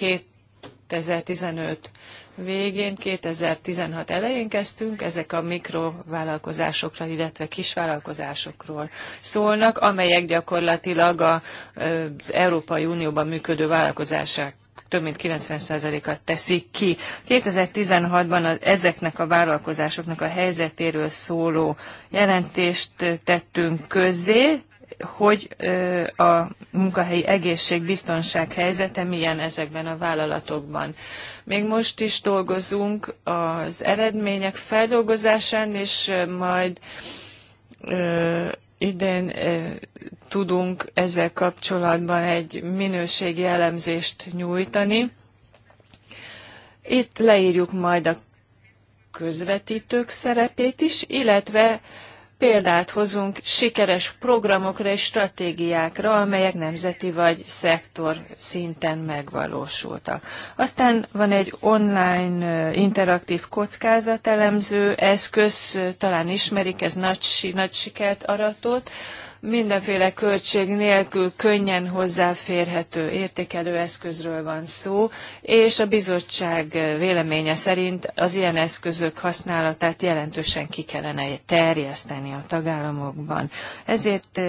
Speaker 1: 2015 végén, 2016 elején kezdtünk, ezek a mikrovállalkozásokról, illetve kisvállalkozásokról szólnak, amelyek gyakorlatilag az Európai Unióban működő vállalkozások több mint 90%-at teszik ki. 2016-ban ezeknek a vállalkozásoknak a helyzetéről szóló jelentést tettünk közzé, hogy a munkahelyi egészségbiztonság helyzete milyen ezekben a vállalatokban. Még most is dolgozunk az eredmények feldolgozásán, és majd idén tudunk ezzel kapcsolatban egy minőségi elemzést nyújtani. Itt leírjuk majd a közvetítők szerepét is, illetve példát hozunk sikeres programokra és stratégiákra, amelyek nemzeti vagy szektor szinten megvalósultak. Aztán van egy online interaktív kockázatelemző eszköz, talán ismerik, ez nagy, nagy sikert aratott, mindenféle költség nélkül könnyen hozzáférhető értékelő eszközről van szó, és a bizottság véleménye szerint az ilyen eszközök használatát jelentősen ki kellene terjeszteni a tagállamokban. Ezért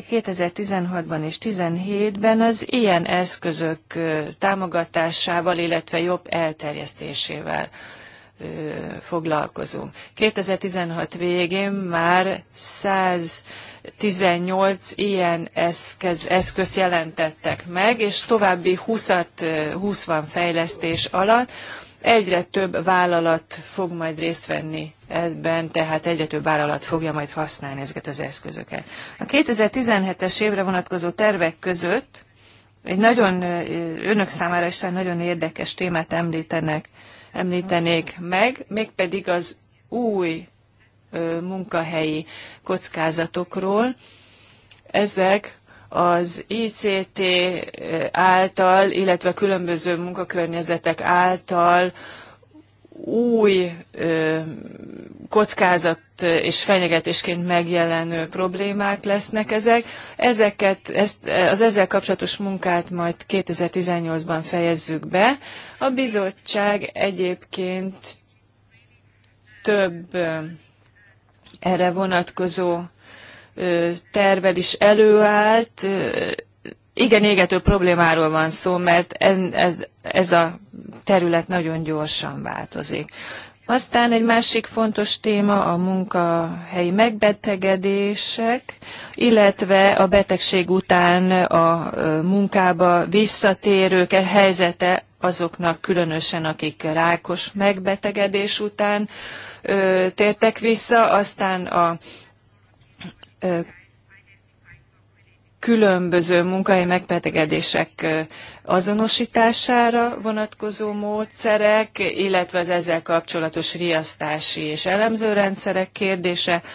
Speaker 1: 2016-ban eh, és 2017-ben az ilyen eszközök eh, támogatásával, illetve jobb elterjesztésével eh, foglalkozunk. 2016 végén már 100 18 ilyen eszköz, eszközt jelentettek meg, és további 20-at, 20 van fejlesztés alatt. Egyre több vállalat fog majd részt venni ebben, tehát egyre több vállalat fogja majd használni ezeket az eszközöket. A 2017-es évre vonatkozó tervek között egy nagyon önök számára is nagyon érdekes témát említenek, említenék meg, mégpedig az új munkahelyi kockázatokról. Ezek az ICT által, illetve különböző munkakörnyezetek által új kockázat és fenyegetésként megjelenő problémák lesznek ezek. Ezeket, ezt, az ezzel kapcsolatos munkát majd 2018-ban fejezzük be. A bizottság egyébként több erre vonatkozó tervel is előállt. Igen, égető problémáról van szó, mert ez, ez a terület nagyon gyorsan változik. Aztán egy másik fontos téma a munkahelyi megbetegedések, illetve a betegség után a munkába visszatérők helyzete azoknak különösen, akik rákos megbetegedés után ö, tértek vissza, aztán a ö, különböző munkai megbetegedések azonosítására vonatkozó módszerek, illetve az ezzel kapcsolatos riasztási és elemzőrendszerek kérdése. Ö,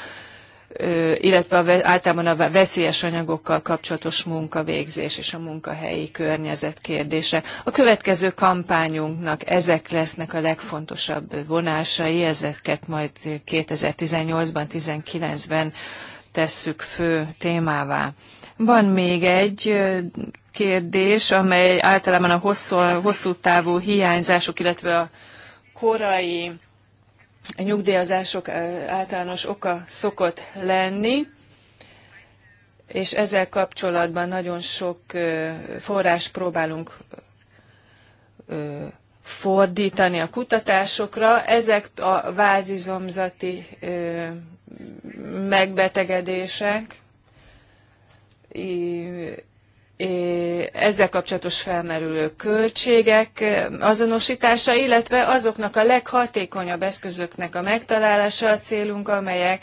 Speaker 1: illetve általában a veszélyes anyagokkal kapcsolatos munkavégzés és a munkahelyi környezet kérdése. A következő kampányunknak ezek lesznek a legfontosabb vonásai, ezeket majd 2018-ban, 19-ben tesszük fő témává. Van még egy kérdés, amely általában a hosszú, hosszú távú hiányzások, illetve a korai nyugdíjazások általános oka szokott lenni, és ezzel kapcsolatban nagyon sok forrás próbálunk fordítani a kutatásokra. Ezek a vázizomzati megbetegedések ezzel kapcsolatos felmerülő költségek azonosítása, illetve azoknak a leghatékonyabb eszközöknek a megtalálása a célunk, amelyek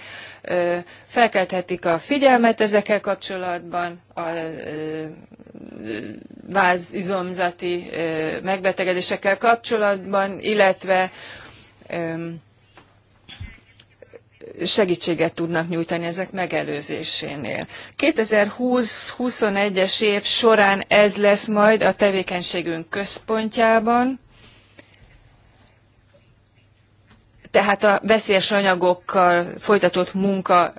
Speaker 1: felkelthetik a figyelmet ezekkel kapcsolatban, a vázizomzati megbetegedésekkel kapcsolatban, illetve segítséget tudnak nyújtani ezek megelőzésénél. 2020-21-es év során ez lesz majd a tevékenységünk központjában, tehát a veszélyes anyagokkal folytatott munka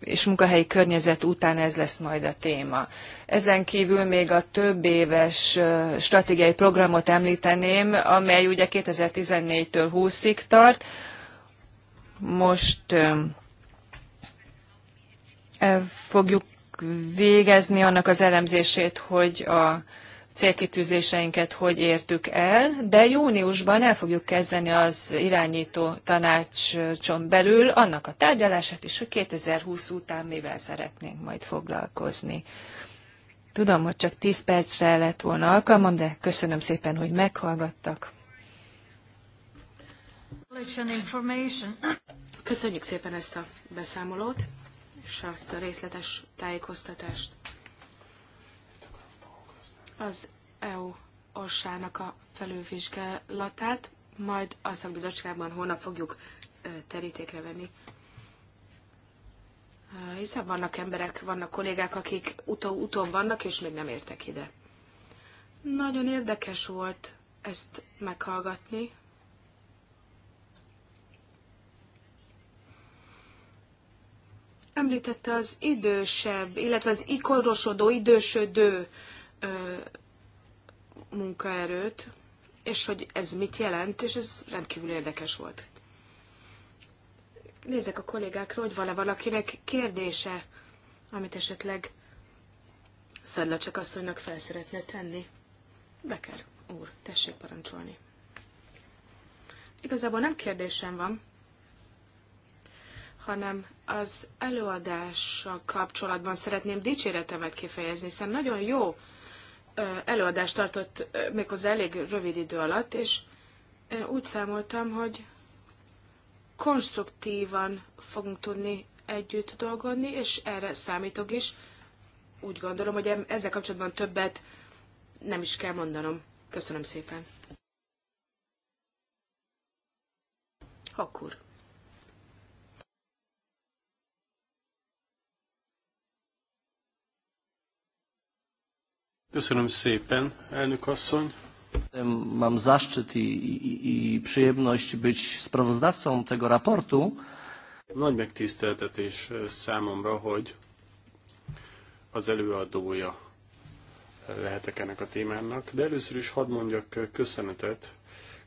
Speaker 1: és munkahelyi környezet után ez lesz majd a téma. Ezen kívül még a több éves stratégiai programot említeném, amely ugye 2014-től 20-ig tart, most fogjuk végezni annak az elemzését, hogy a célkitűzéseinket hogy értük el, de júniusban el fogjuk kezdeni az irányító tanácson belül annak a tárgyalását is, hogy 2020 után mivel szeretnénk majd foglalkozni. Tudom, hogy csak 10 percre lett volna alkalmam, de köszönöm szépen, hogy meghallgattak.
Speaker 3: Köszönjük szépen ezt a beszámolót, és azt a részletes tájékoztatást. Az EU orsának a felülvizsgálatát, majd a szakbizottságban holnap fogjuk terítékre venni. Hiszen vannak emberek, vannak kollégák, akik utó utó vannak, és még nem értek ide. Nagyon érdekes volt ezt meghallgatni, Említette az idősebb, illetve az ikorosodó, idősödő ö, munkaerőt, és hogy ez mit jelent, és ez rendkívül érdekes volt. Nézzek a kollégákra, hogy van-e valakinek kérdése, amit esetleg Szedlacsek asszonynak fel szeretne tenni. Beker úr, tessék parancsolni. Igazából nem kérdésem van, hanem az előadással kapcsolatban szeretném dicséretemet kifejezni, hiszen nagyon jó előadást tartott méghozzá elég rövid idő alatt, és én úgy számoltam, hogy konstruktívan fogunk tudni együtt dolgozni, és erre számítok is. Úgy gondolom, hogy ezzel kapcsolatban többet nem is kell mondanom. Köszönöm szépen. Akkor.
Speaker 2: Köszönöm szépen, elnök asszony. Mam zaszczyt i, i, i przyjemność być sprawozdawcą tego raportu. Nagy megtiszteltetés e, számomra, hogy az előadója e, lehetek ennek a témának, de először is hadd mondjak e, köszönetet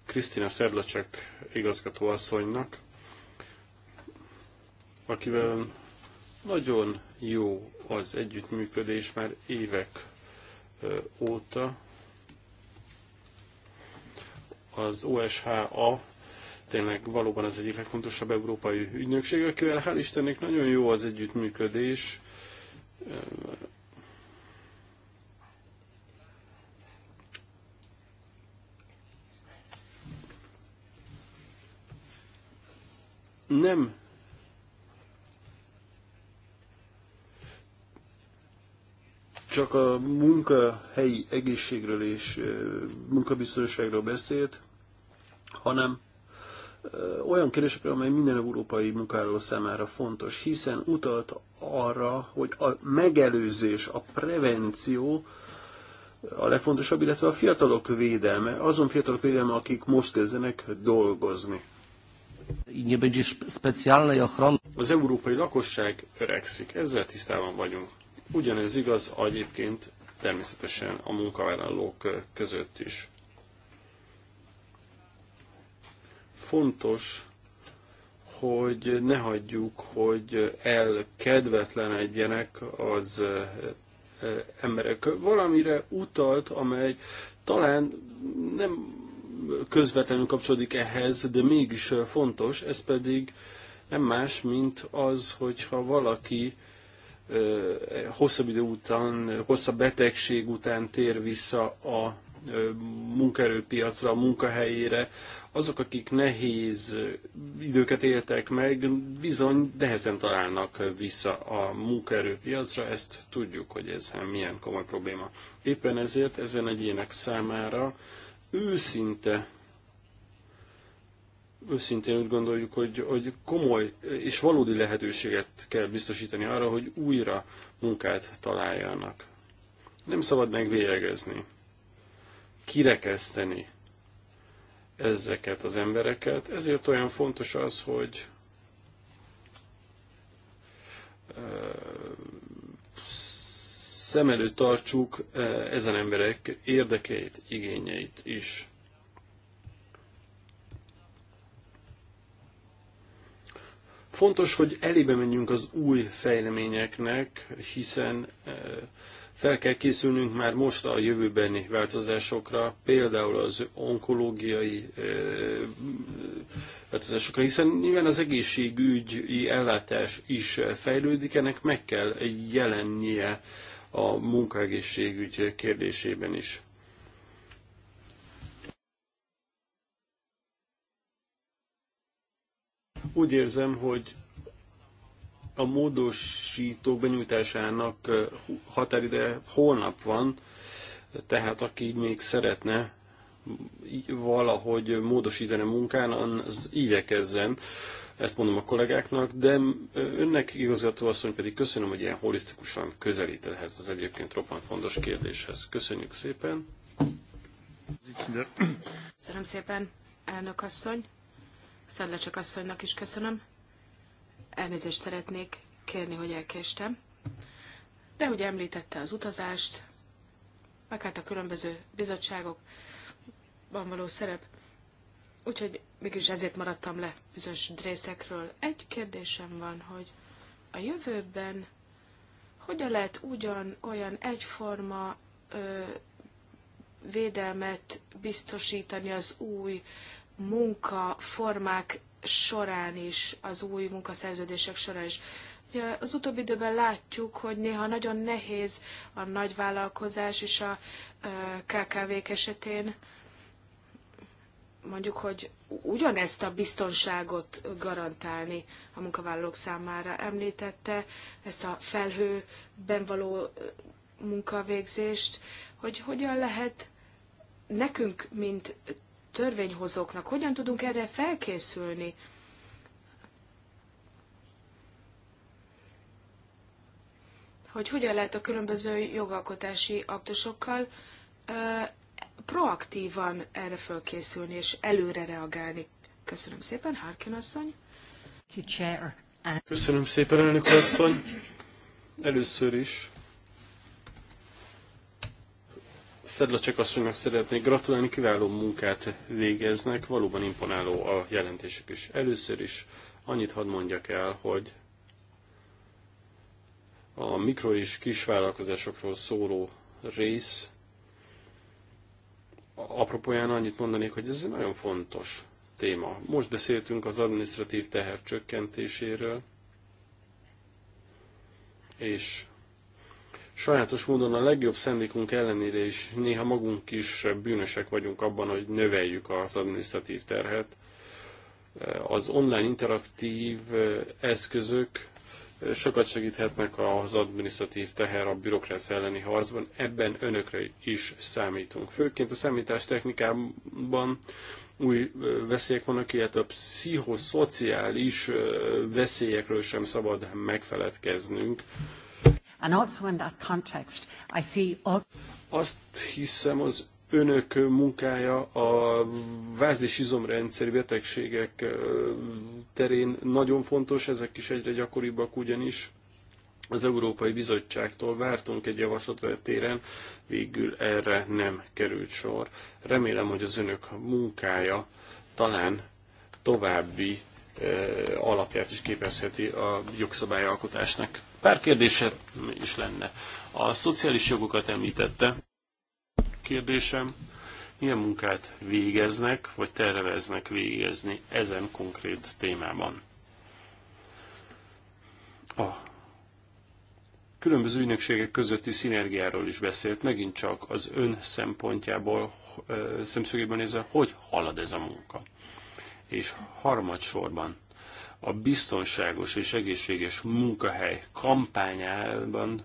Speaker 2: Krisztina Szerlacsek igazgatóasszonynak, akivel nagyon jó az együttműködés mert évek óta az OSHA tényleg valóban az egyik legfontosabb európai ügynökség, akivel hál' Istennek nagyon jó az együttműködés. Nem csak a munkahelyi egészségről és munkabiztonságról beszélt, hanem olyan kérdésekre, amely minden európai munkáról számára fontos, hiszen utalt arra, hogy a megelőzés, a prevenció a legfontosabb, illetve a fiatalok védelme, azon fiatalok védelme, akik most kezdenek dolgozni. Az európai lakosság öregszik, ezzel tisztában vagyunk. Ugyanez igaz egyébként természetesen a munkavállalók között is. Fontos, hogy ne hagyjuk, hogy elkedvetlenedjenek az eh, eh, emberek. Valamire utalt, amely talán nem közvetlenül kapcsolódik ehhez, de mégis fontos, ez pedig nem más, mint az, hogyha valaki hosszabb idő után, hosszabb betegség után tér vissza a munkaerőpiacra, a munkahelyére. Azok, akik nehéz időket éltek meg, bizony nehezen találnak vissza a munkaerőpiacra, ezt tudjuk, hogy ez milyen komoly probléma. Éppen ezért ezen egyének számára őszinte őszintén úgy gondoljuk, hogy, hogy komoly és valódi lehetőséget kell biztosítani arra, hogy újra munkát találjanak. Nem szabad megvélegezni, kirekeszteni ezeket az embereket, ezért olyan fontos az, hogy szem előtt tartsuk ezen emberek érdekeit, igényeit is. Fontos, hogy elébe menjünk az új fejleményeknek, hiszen eh, fel kell készülnünk már most a jövőbeni változásokra, például az onkológiai eh, változásokra, hiszen nyilván az egészségügyi ellátás is fejlődik, ennek meg kell jelennie a munkaegészségügy kérdésében is. Úgy érzem, hogy a módosítók benyújtásának határideje holnap van, tehát aki még szeretne valahogy módosítani a munkán, az igyekezzen. Ezt mondom a kollégáknak, de önnek igazgató asszony pedig köszönöm, hogy ilyen holisztikusan közelít ehhez az egyébként roppant fontos kérdéshez. Köszönjük szépen!
Speaker 3: Köszönöm szépen, elnök asszony! Szedlecsek asszonynak is köszönöm. Elnézést szeretnék kérni, hogy elkéstem. De ugye említette az utazást, meg hát a különböző bizottságokban való szerep. Úgyhogy mégis ezért maradtam le bizonyos részekről. Egy kérdésem van, hogy a jövőben hogyan lehet ugyan olyan egyforma ö, védelmet biztosítani az új munkaformák során is, az új munkaszerződések során is. Ugye az utóbbi időben látjuk, hogy néha nagyon nehéz a nagyvállalkozás és a KKV-k esetén mondjuk, hogy ugyanezt a biztonságot garantálni a munkavállalók számára. Említette ezt a felhőben való munkavégzést, hogy hogyan lehet nekünk, mint törvényhozóknak. Hogyan tudunk erre felkészülni? Hogy hogyan lehet a különböző jogalkotási aktusokkal proaktívan erre felkészülni és előre reagálni. Köszönöm szépen, Harkin asszony.
Speaker 2: Köszönöm szépen, elnök asszony. Először is Szedlacsek asszonynak szeretnék gratulálni, kiváló munkát végeznek, valóban imponáló a jelentésük is. Először is annyit hadd mondjak el, hogy a mikro és kisvállalkozásokról szóló rész apropóján annyit mondanék, hogy ez egy nagyon fontos téma. Most beszéltünk az administratív teher csökkentéséről, és sajátos módon a legjobb szendékunk ellenére is néha magunk is bűnösek vagyunk abban, hogy növeljük az administratív terhet. Az online interaktív eszközök sokat segíthetnek az administratív teher a bürokrácia elleni harcban, ebben önökre is számítunk. Főként a számítás technikában új veszélyek vannak, illetve a pszichoszociális veszélyekről sem szabad megfeledkeznünk.
Speaker 1: And also in that context, I see all...
Speaker 2: Azt hiszem az önök munkája a váz- és izomrendszeri betegségek terén nagyon fontos, ezek is egyre gyakoribbak ugyanis. Az Európai Bizottságtól vártunk egy javaslatot téren, végül erre nem került sor. Remélem, hogy az önök munkája talán további alapját is képezheti a jogszabályalkotásnak. Pár kérdése is lenne. A szociális jogokat említette. Kérdésem, milyen munkát végeznek, vagy terveznek végezni ezen konkrét témában? A különböző ügynökségek közötti szinergiáról is beszélt, megint csak az ön szempontjából, szemszögében nézve, hogy halad ez a munka. És harmadsorban a biztonságos és egészséges munkahely kampányában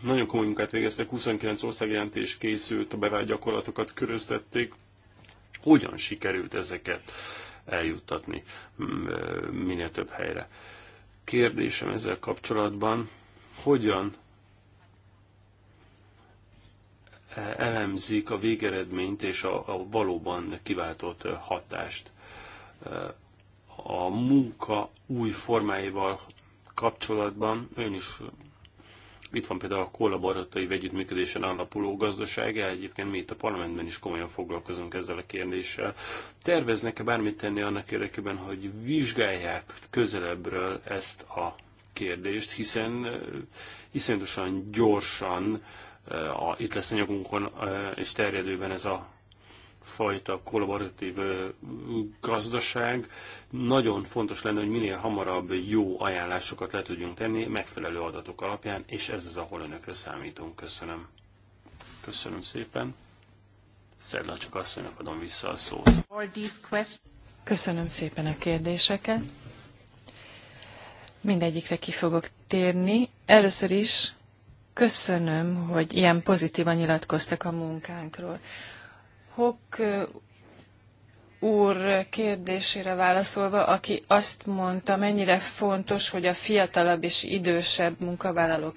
Speaker 2: nagyon komoly munkát végeztek, 29 országjelentés készült, a bevált gyakorlatokat köröztették. Hogyan sikerült ezeket eljuttatni minél több helyre? Kérdésem ezzel kapcsolatban, hogyan elemzik a végeredményt és a, a valóban kiváltott hatást? a munka új formáival kapcsolatban ön is eh, itt van például a kollaboratív együttműködésen alapuló gazdaság, egyébként mi itt a parlamentben is komolyan foglalkozunk ezzel a kérdéssel. Terveznek-e bármit tenni annak érdekében, hogy vizsgálják közelebbről ezt a kérdést, hiszen eh, iszonyatosan gyorsan eh, a, itt lesz a nyakunkon, és terjedőben ez a fajta kollaboratív gazdaság. Nagyon fontos lenne, hogy minél hamarabb jó ajánlásokat le tudjunk tenni megfelelő adatok alapján, és ez az, ahol önökre számítunk. Köszönöm. Köszönöm szépen. Szedla csak asszonynak adom vissza a szót.
Speaker 1: Köszönöm szépen a kérdéseket. Mindegyikre ki fogok térni. Először is köszönöm, hogy ilyen pozitívan nyilatkoztak a munkánkról. Hok úr kérdésére válaszolva, aki azt mondta, mennyire fontos, hogy a fiatalabb és idősebb munkavállalók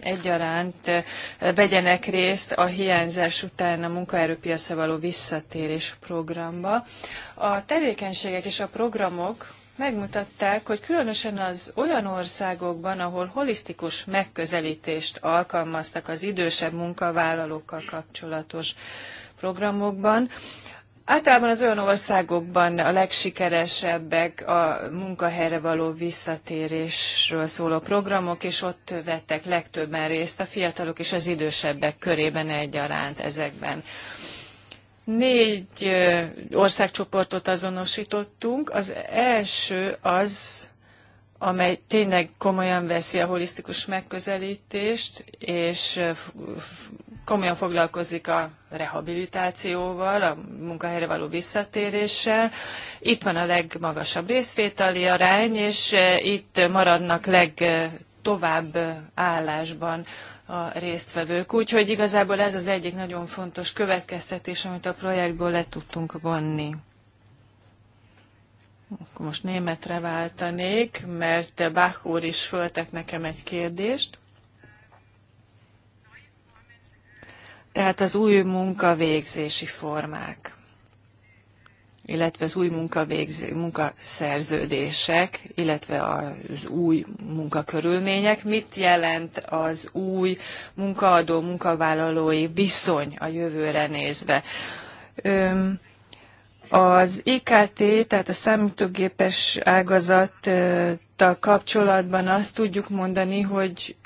Speaker 1: egyaránt vegyenek részt a hiányzás után a munkaerőpiacra való visszatérés programba. A tevékenységek és a programok megmutatták, hogy különösen az olyan országokban, ahol holisztikus megközelítést alkalmaztak az idősebb munkavállalókkal kapcsolatos programokban. Általában az olyan országokban a legsikeresebbek a munkahelyre való visszatérésről szóló programok, és ott vettek legtöbben részt a fiatalok és az idősebbek körében egyaránt ezekben. Négy országcsoportot azonosítottunk. Az első az, amely tényleg komolyan veszi a holisztikus megközelítést, és komolyan foglalkozik a rehabilitációval, a munkahelyre való visszatéréssel. Itt van a legmagasabb részvételi arány, és eh, itt maradnak legtovább eh, állásban a résztvevők. Úgyhogy igazából ez az egyik nagyon fontos következtetés, amit a projektből le tudtunk vonni. Akkor most németre váltanék, mert Bach úr is föltett nekem egy kérdést. tehát az új munkavégzési formák, illetve az új munkavégző, munkaszerződések, illetve az új munkakörülmények. Mit jelent az új munkaadó munkavállalói viszony a jövőre nézve? Öm, az IKT, tehát a számítógépes ágazattal kapcsolatban azt tudjuk mondani, hogy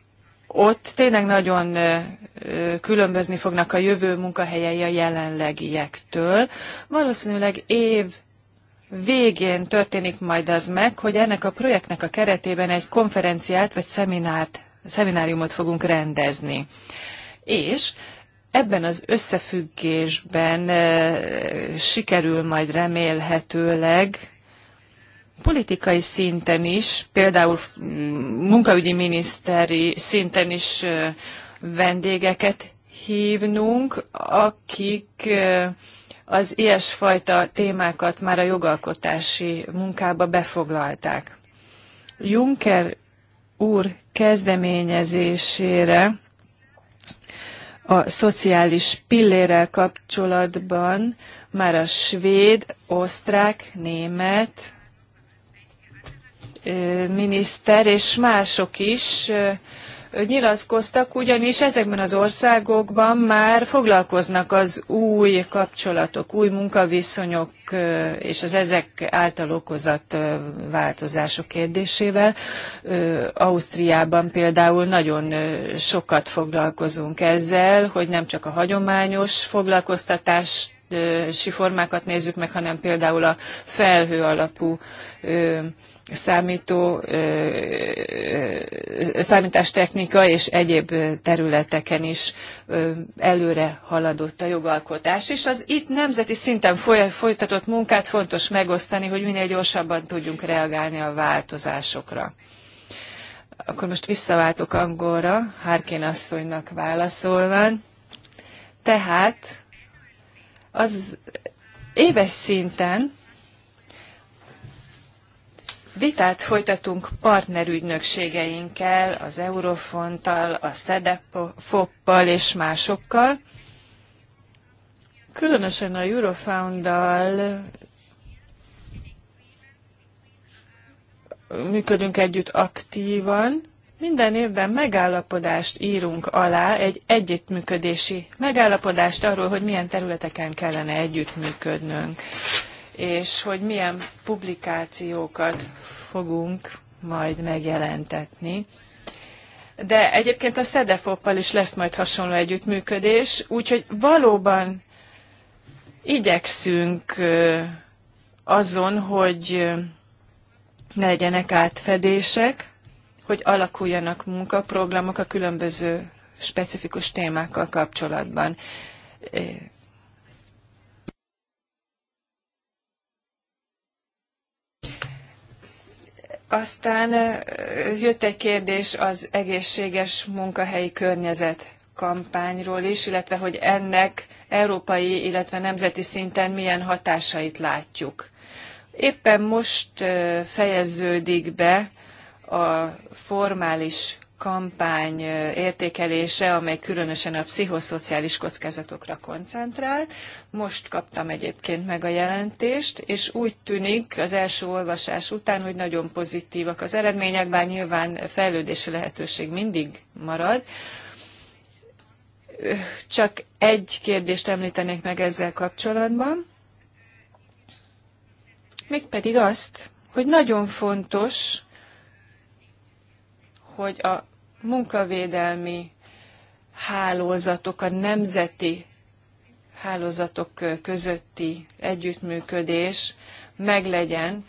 Speaker 1: ott tényleg nagyon különbözni fognak a jövő munkahelyei a jelenlegiektől. Valószínűleg év végén történik majd az meg, hogy ennek a projektnek a keretében egy konferenciát vagy szeminárt, szemináriumot fogunk rendezni. És ebben az összefüggésben sikerül majd remélhetőleg politikai szinten is, például mm, munkaügyi miniszteri szinten is vendégeket hívnunk, akik az ilyesfajta témákat már a jogalkotási munkába befoglalták. Juncker úr kezdeményezésére a szociális pillérrel kapcsolatban már a svéd, osztrák, német, miniszter és mások is nyilatkoztak, ugyanis ezekben az országokban már foglalkoznak az új kapcsolatok, új munkaviszonyok és az ezek által okozott változások kérdésével. Ausztriában például nagyon sokat foglalkozunk ezzel, hogy nem csak a hagyományos foglalkoztatási formákat nézzük meg, hanem például a felhő alapú számító, számítástechnika és egyéb területeken is előre haladott a jogalkotás, és az itt nemzeti szinten folytatott munkát fontos megosztani, hogy minél gyorsabban tudjunk reagálni a változásokra. Akkor most visszaváltok angolra, Harkin asszonynak válaszolván. Tehát az éves szinten Vitát folytatunk partnerügynökségeinkkel, az Eurofonttal, a SEDEFOP-pal és másokkal. Különösen a Eurofound-dal működünk együtt aktívan. Minden évben megállapodást írunk alá, egy együttműködési megállapodást arról, hogy milyen területeken kellene együttműködnünk és hogy milyen publikációkat fogunk majd megjelentetni. De egyébként a szedefop is lesz majd hasonló együttműködés, úgyhogy valóban igyekszünk azon, hogy ne legyenek átfedések, hogy alakuljanak munkaprogramok a különböző specifikus témákkal kapcsolatban. Aztán jött egy kérdés az egészséges munkahelyi környezet kampányról is, illetve hogy ennek európai, illetve nemzeti szinten milyen hatásait látjuk. Éppen most fejeződik be a formális kampány értékelése, amely különösen a pszichoszociális kockázatokra koncentrál. Most kaptam egyébként meg a jelentést, és úgy tűnik az első olvasás után, hogy nagyon pozitívak az eredmények, bár nyilván fejlődési lehetőség mindig marad. Csak egy kérdést említenék meg ezzel kapcsolatban, mégpedig azt, hogy nagyon fontos, hogy a munkavédelmi hálózatok, a nemzeti hálózatok közötti együttműködés meglegyen,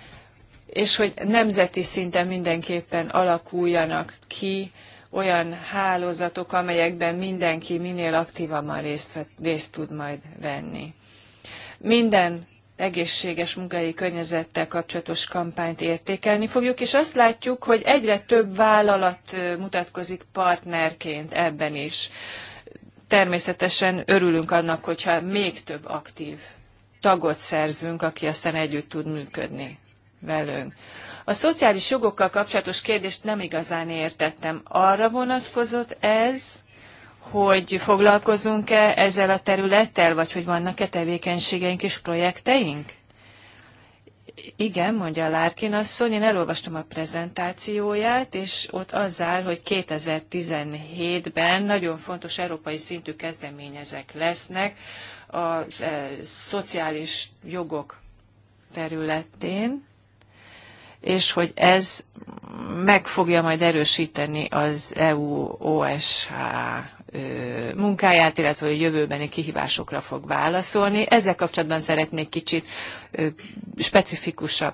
Speaker 1: és hogy nemzeti szinten mindenképpen alakuljanak ki olyan hálózatok, amelyekben mindenki minél aktívabban részt, részt tud majd venni. Minden egészséges munkahelyi környezettel kapcsolatos kampányt értékelni fogjuk, és azt látjuk, hogy egyre több vállalat mutatkozik partnerként ebben is. Természetesen örülünk annak, hogyha még több aktív tagot szerzünk, aki aztán együtt tud működni velünk. A szociális jogokkal kapcsolatos kérdést nem igazán értettem. Arra vonatkozott ez, hogy foglalkozunk-e ezzel a területtel, vagy hogy vannak-e tevékenységeink és projekteink? Igen, mondja a Lárkin asszony, én elolvastam a prezentációját, és ott az áll, hogy 2017-ben nagyon fontos európai szintű kezdeményezek lesznek a e, eh, szociális jogok területén, és hogy ez meg fogja majd erősíteni az EU OSH munkáját, illetve a jövőbeni kihívásokra fog válaszolni. Ezzel kapcsolatban szeretnék kicsit specifikusabb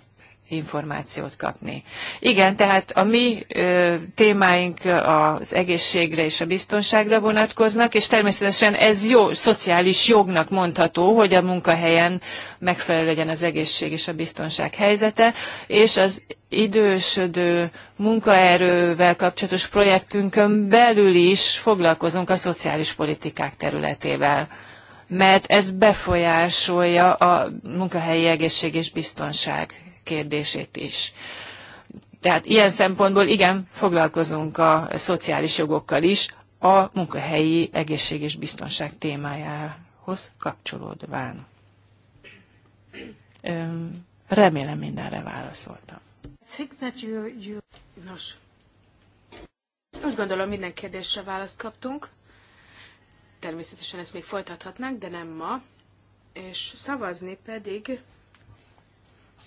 Speaker 1: információt kapni. Igen, tehát a mi ö, témáink az egészségre és a biztonságra vonatkoznak, és természetesen ez jó, szociális jognak mondható, hogy a munkahelyen megfelelő legyen az egészség és a biztonság helyzete, és az idősödő munkaerővel kapcsolatos projektünkön belül is foglalkozunk a szociális politikák területével mert ez befolyásolja a munkahelyi egészség és biztonság kérdését is. Tehát ilyen szempontból igen, foglalkozunk a szociális jogokkal is, a munkahelyi egészség és biztonság témájához kapcsolódván. Remélem mindenre válaszoltam.
Speaker 3: Nos, úgy gondolom minden kérdésre választ kaptunk. Természetesen ezt még folytathatnánk, de nem ma. És szavazni pedig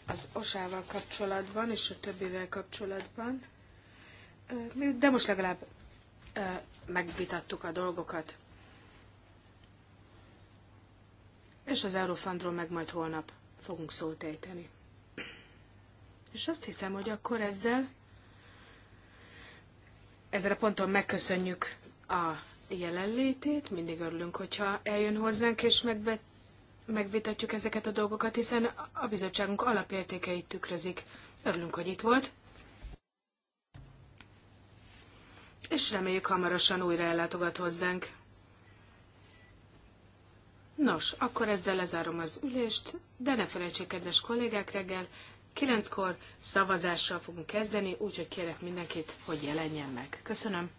Speaker 3: az osával kapcsolatban és a többivel kapcsolatban, de most legalább megvitattuk a dolgokat. És az Eurofundról meg majd holnap fogunk szót ejteni. És azt hiszem, hogy akkor ezzel, ezzel a ponton megköszönjük a jelenlétét, mindig örülünk, hogyha eljön hozzánk és megbet megvitatjuk ezeket a dolgokat, hiszen a bizottságunk alapértékeit tükrözik. Örülünk, hogy itt volt. És reméljük hamarosan újra ellátogat hozzánk. Nos, akkor ezzel lezárom az ülést, de ne felejtsék, kedves kollégák, reggel kilenckor szavazással fogunk kezdeni, úgyhogy kérek mindenkit, hogy jelenjen meg. Köszönöm.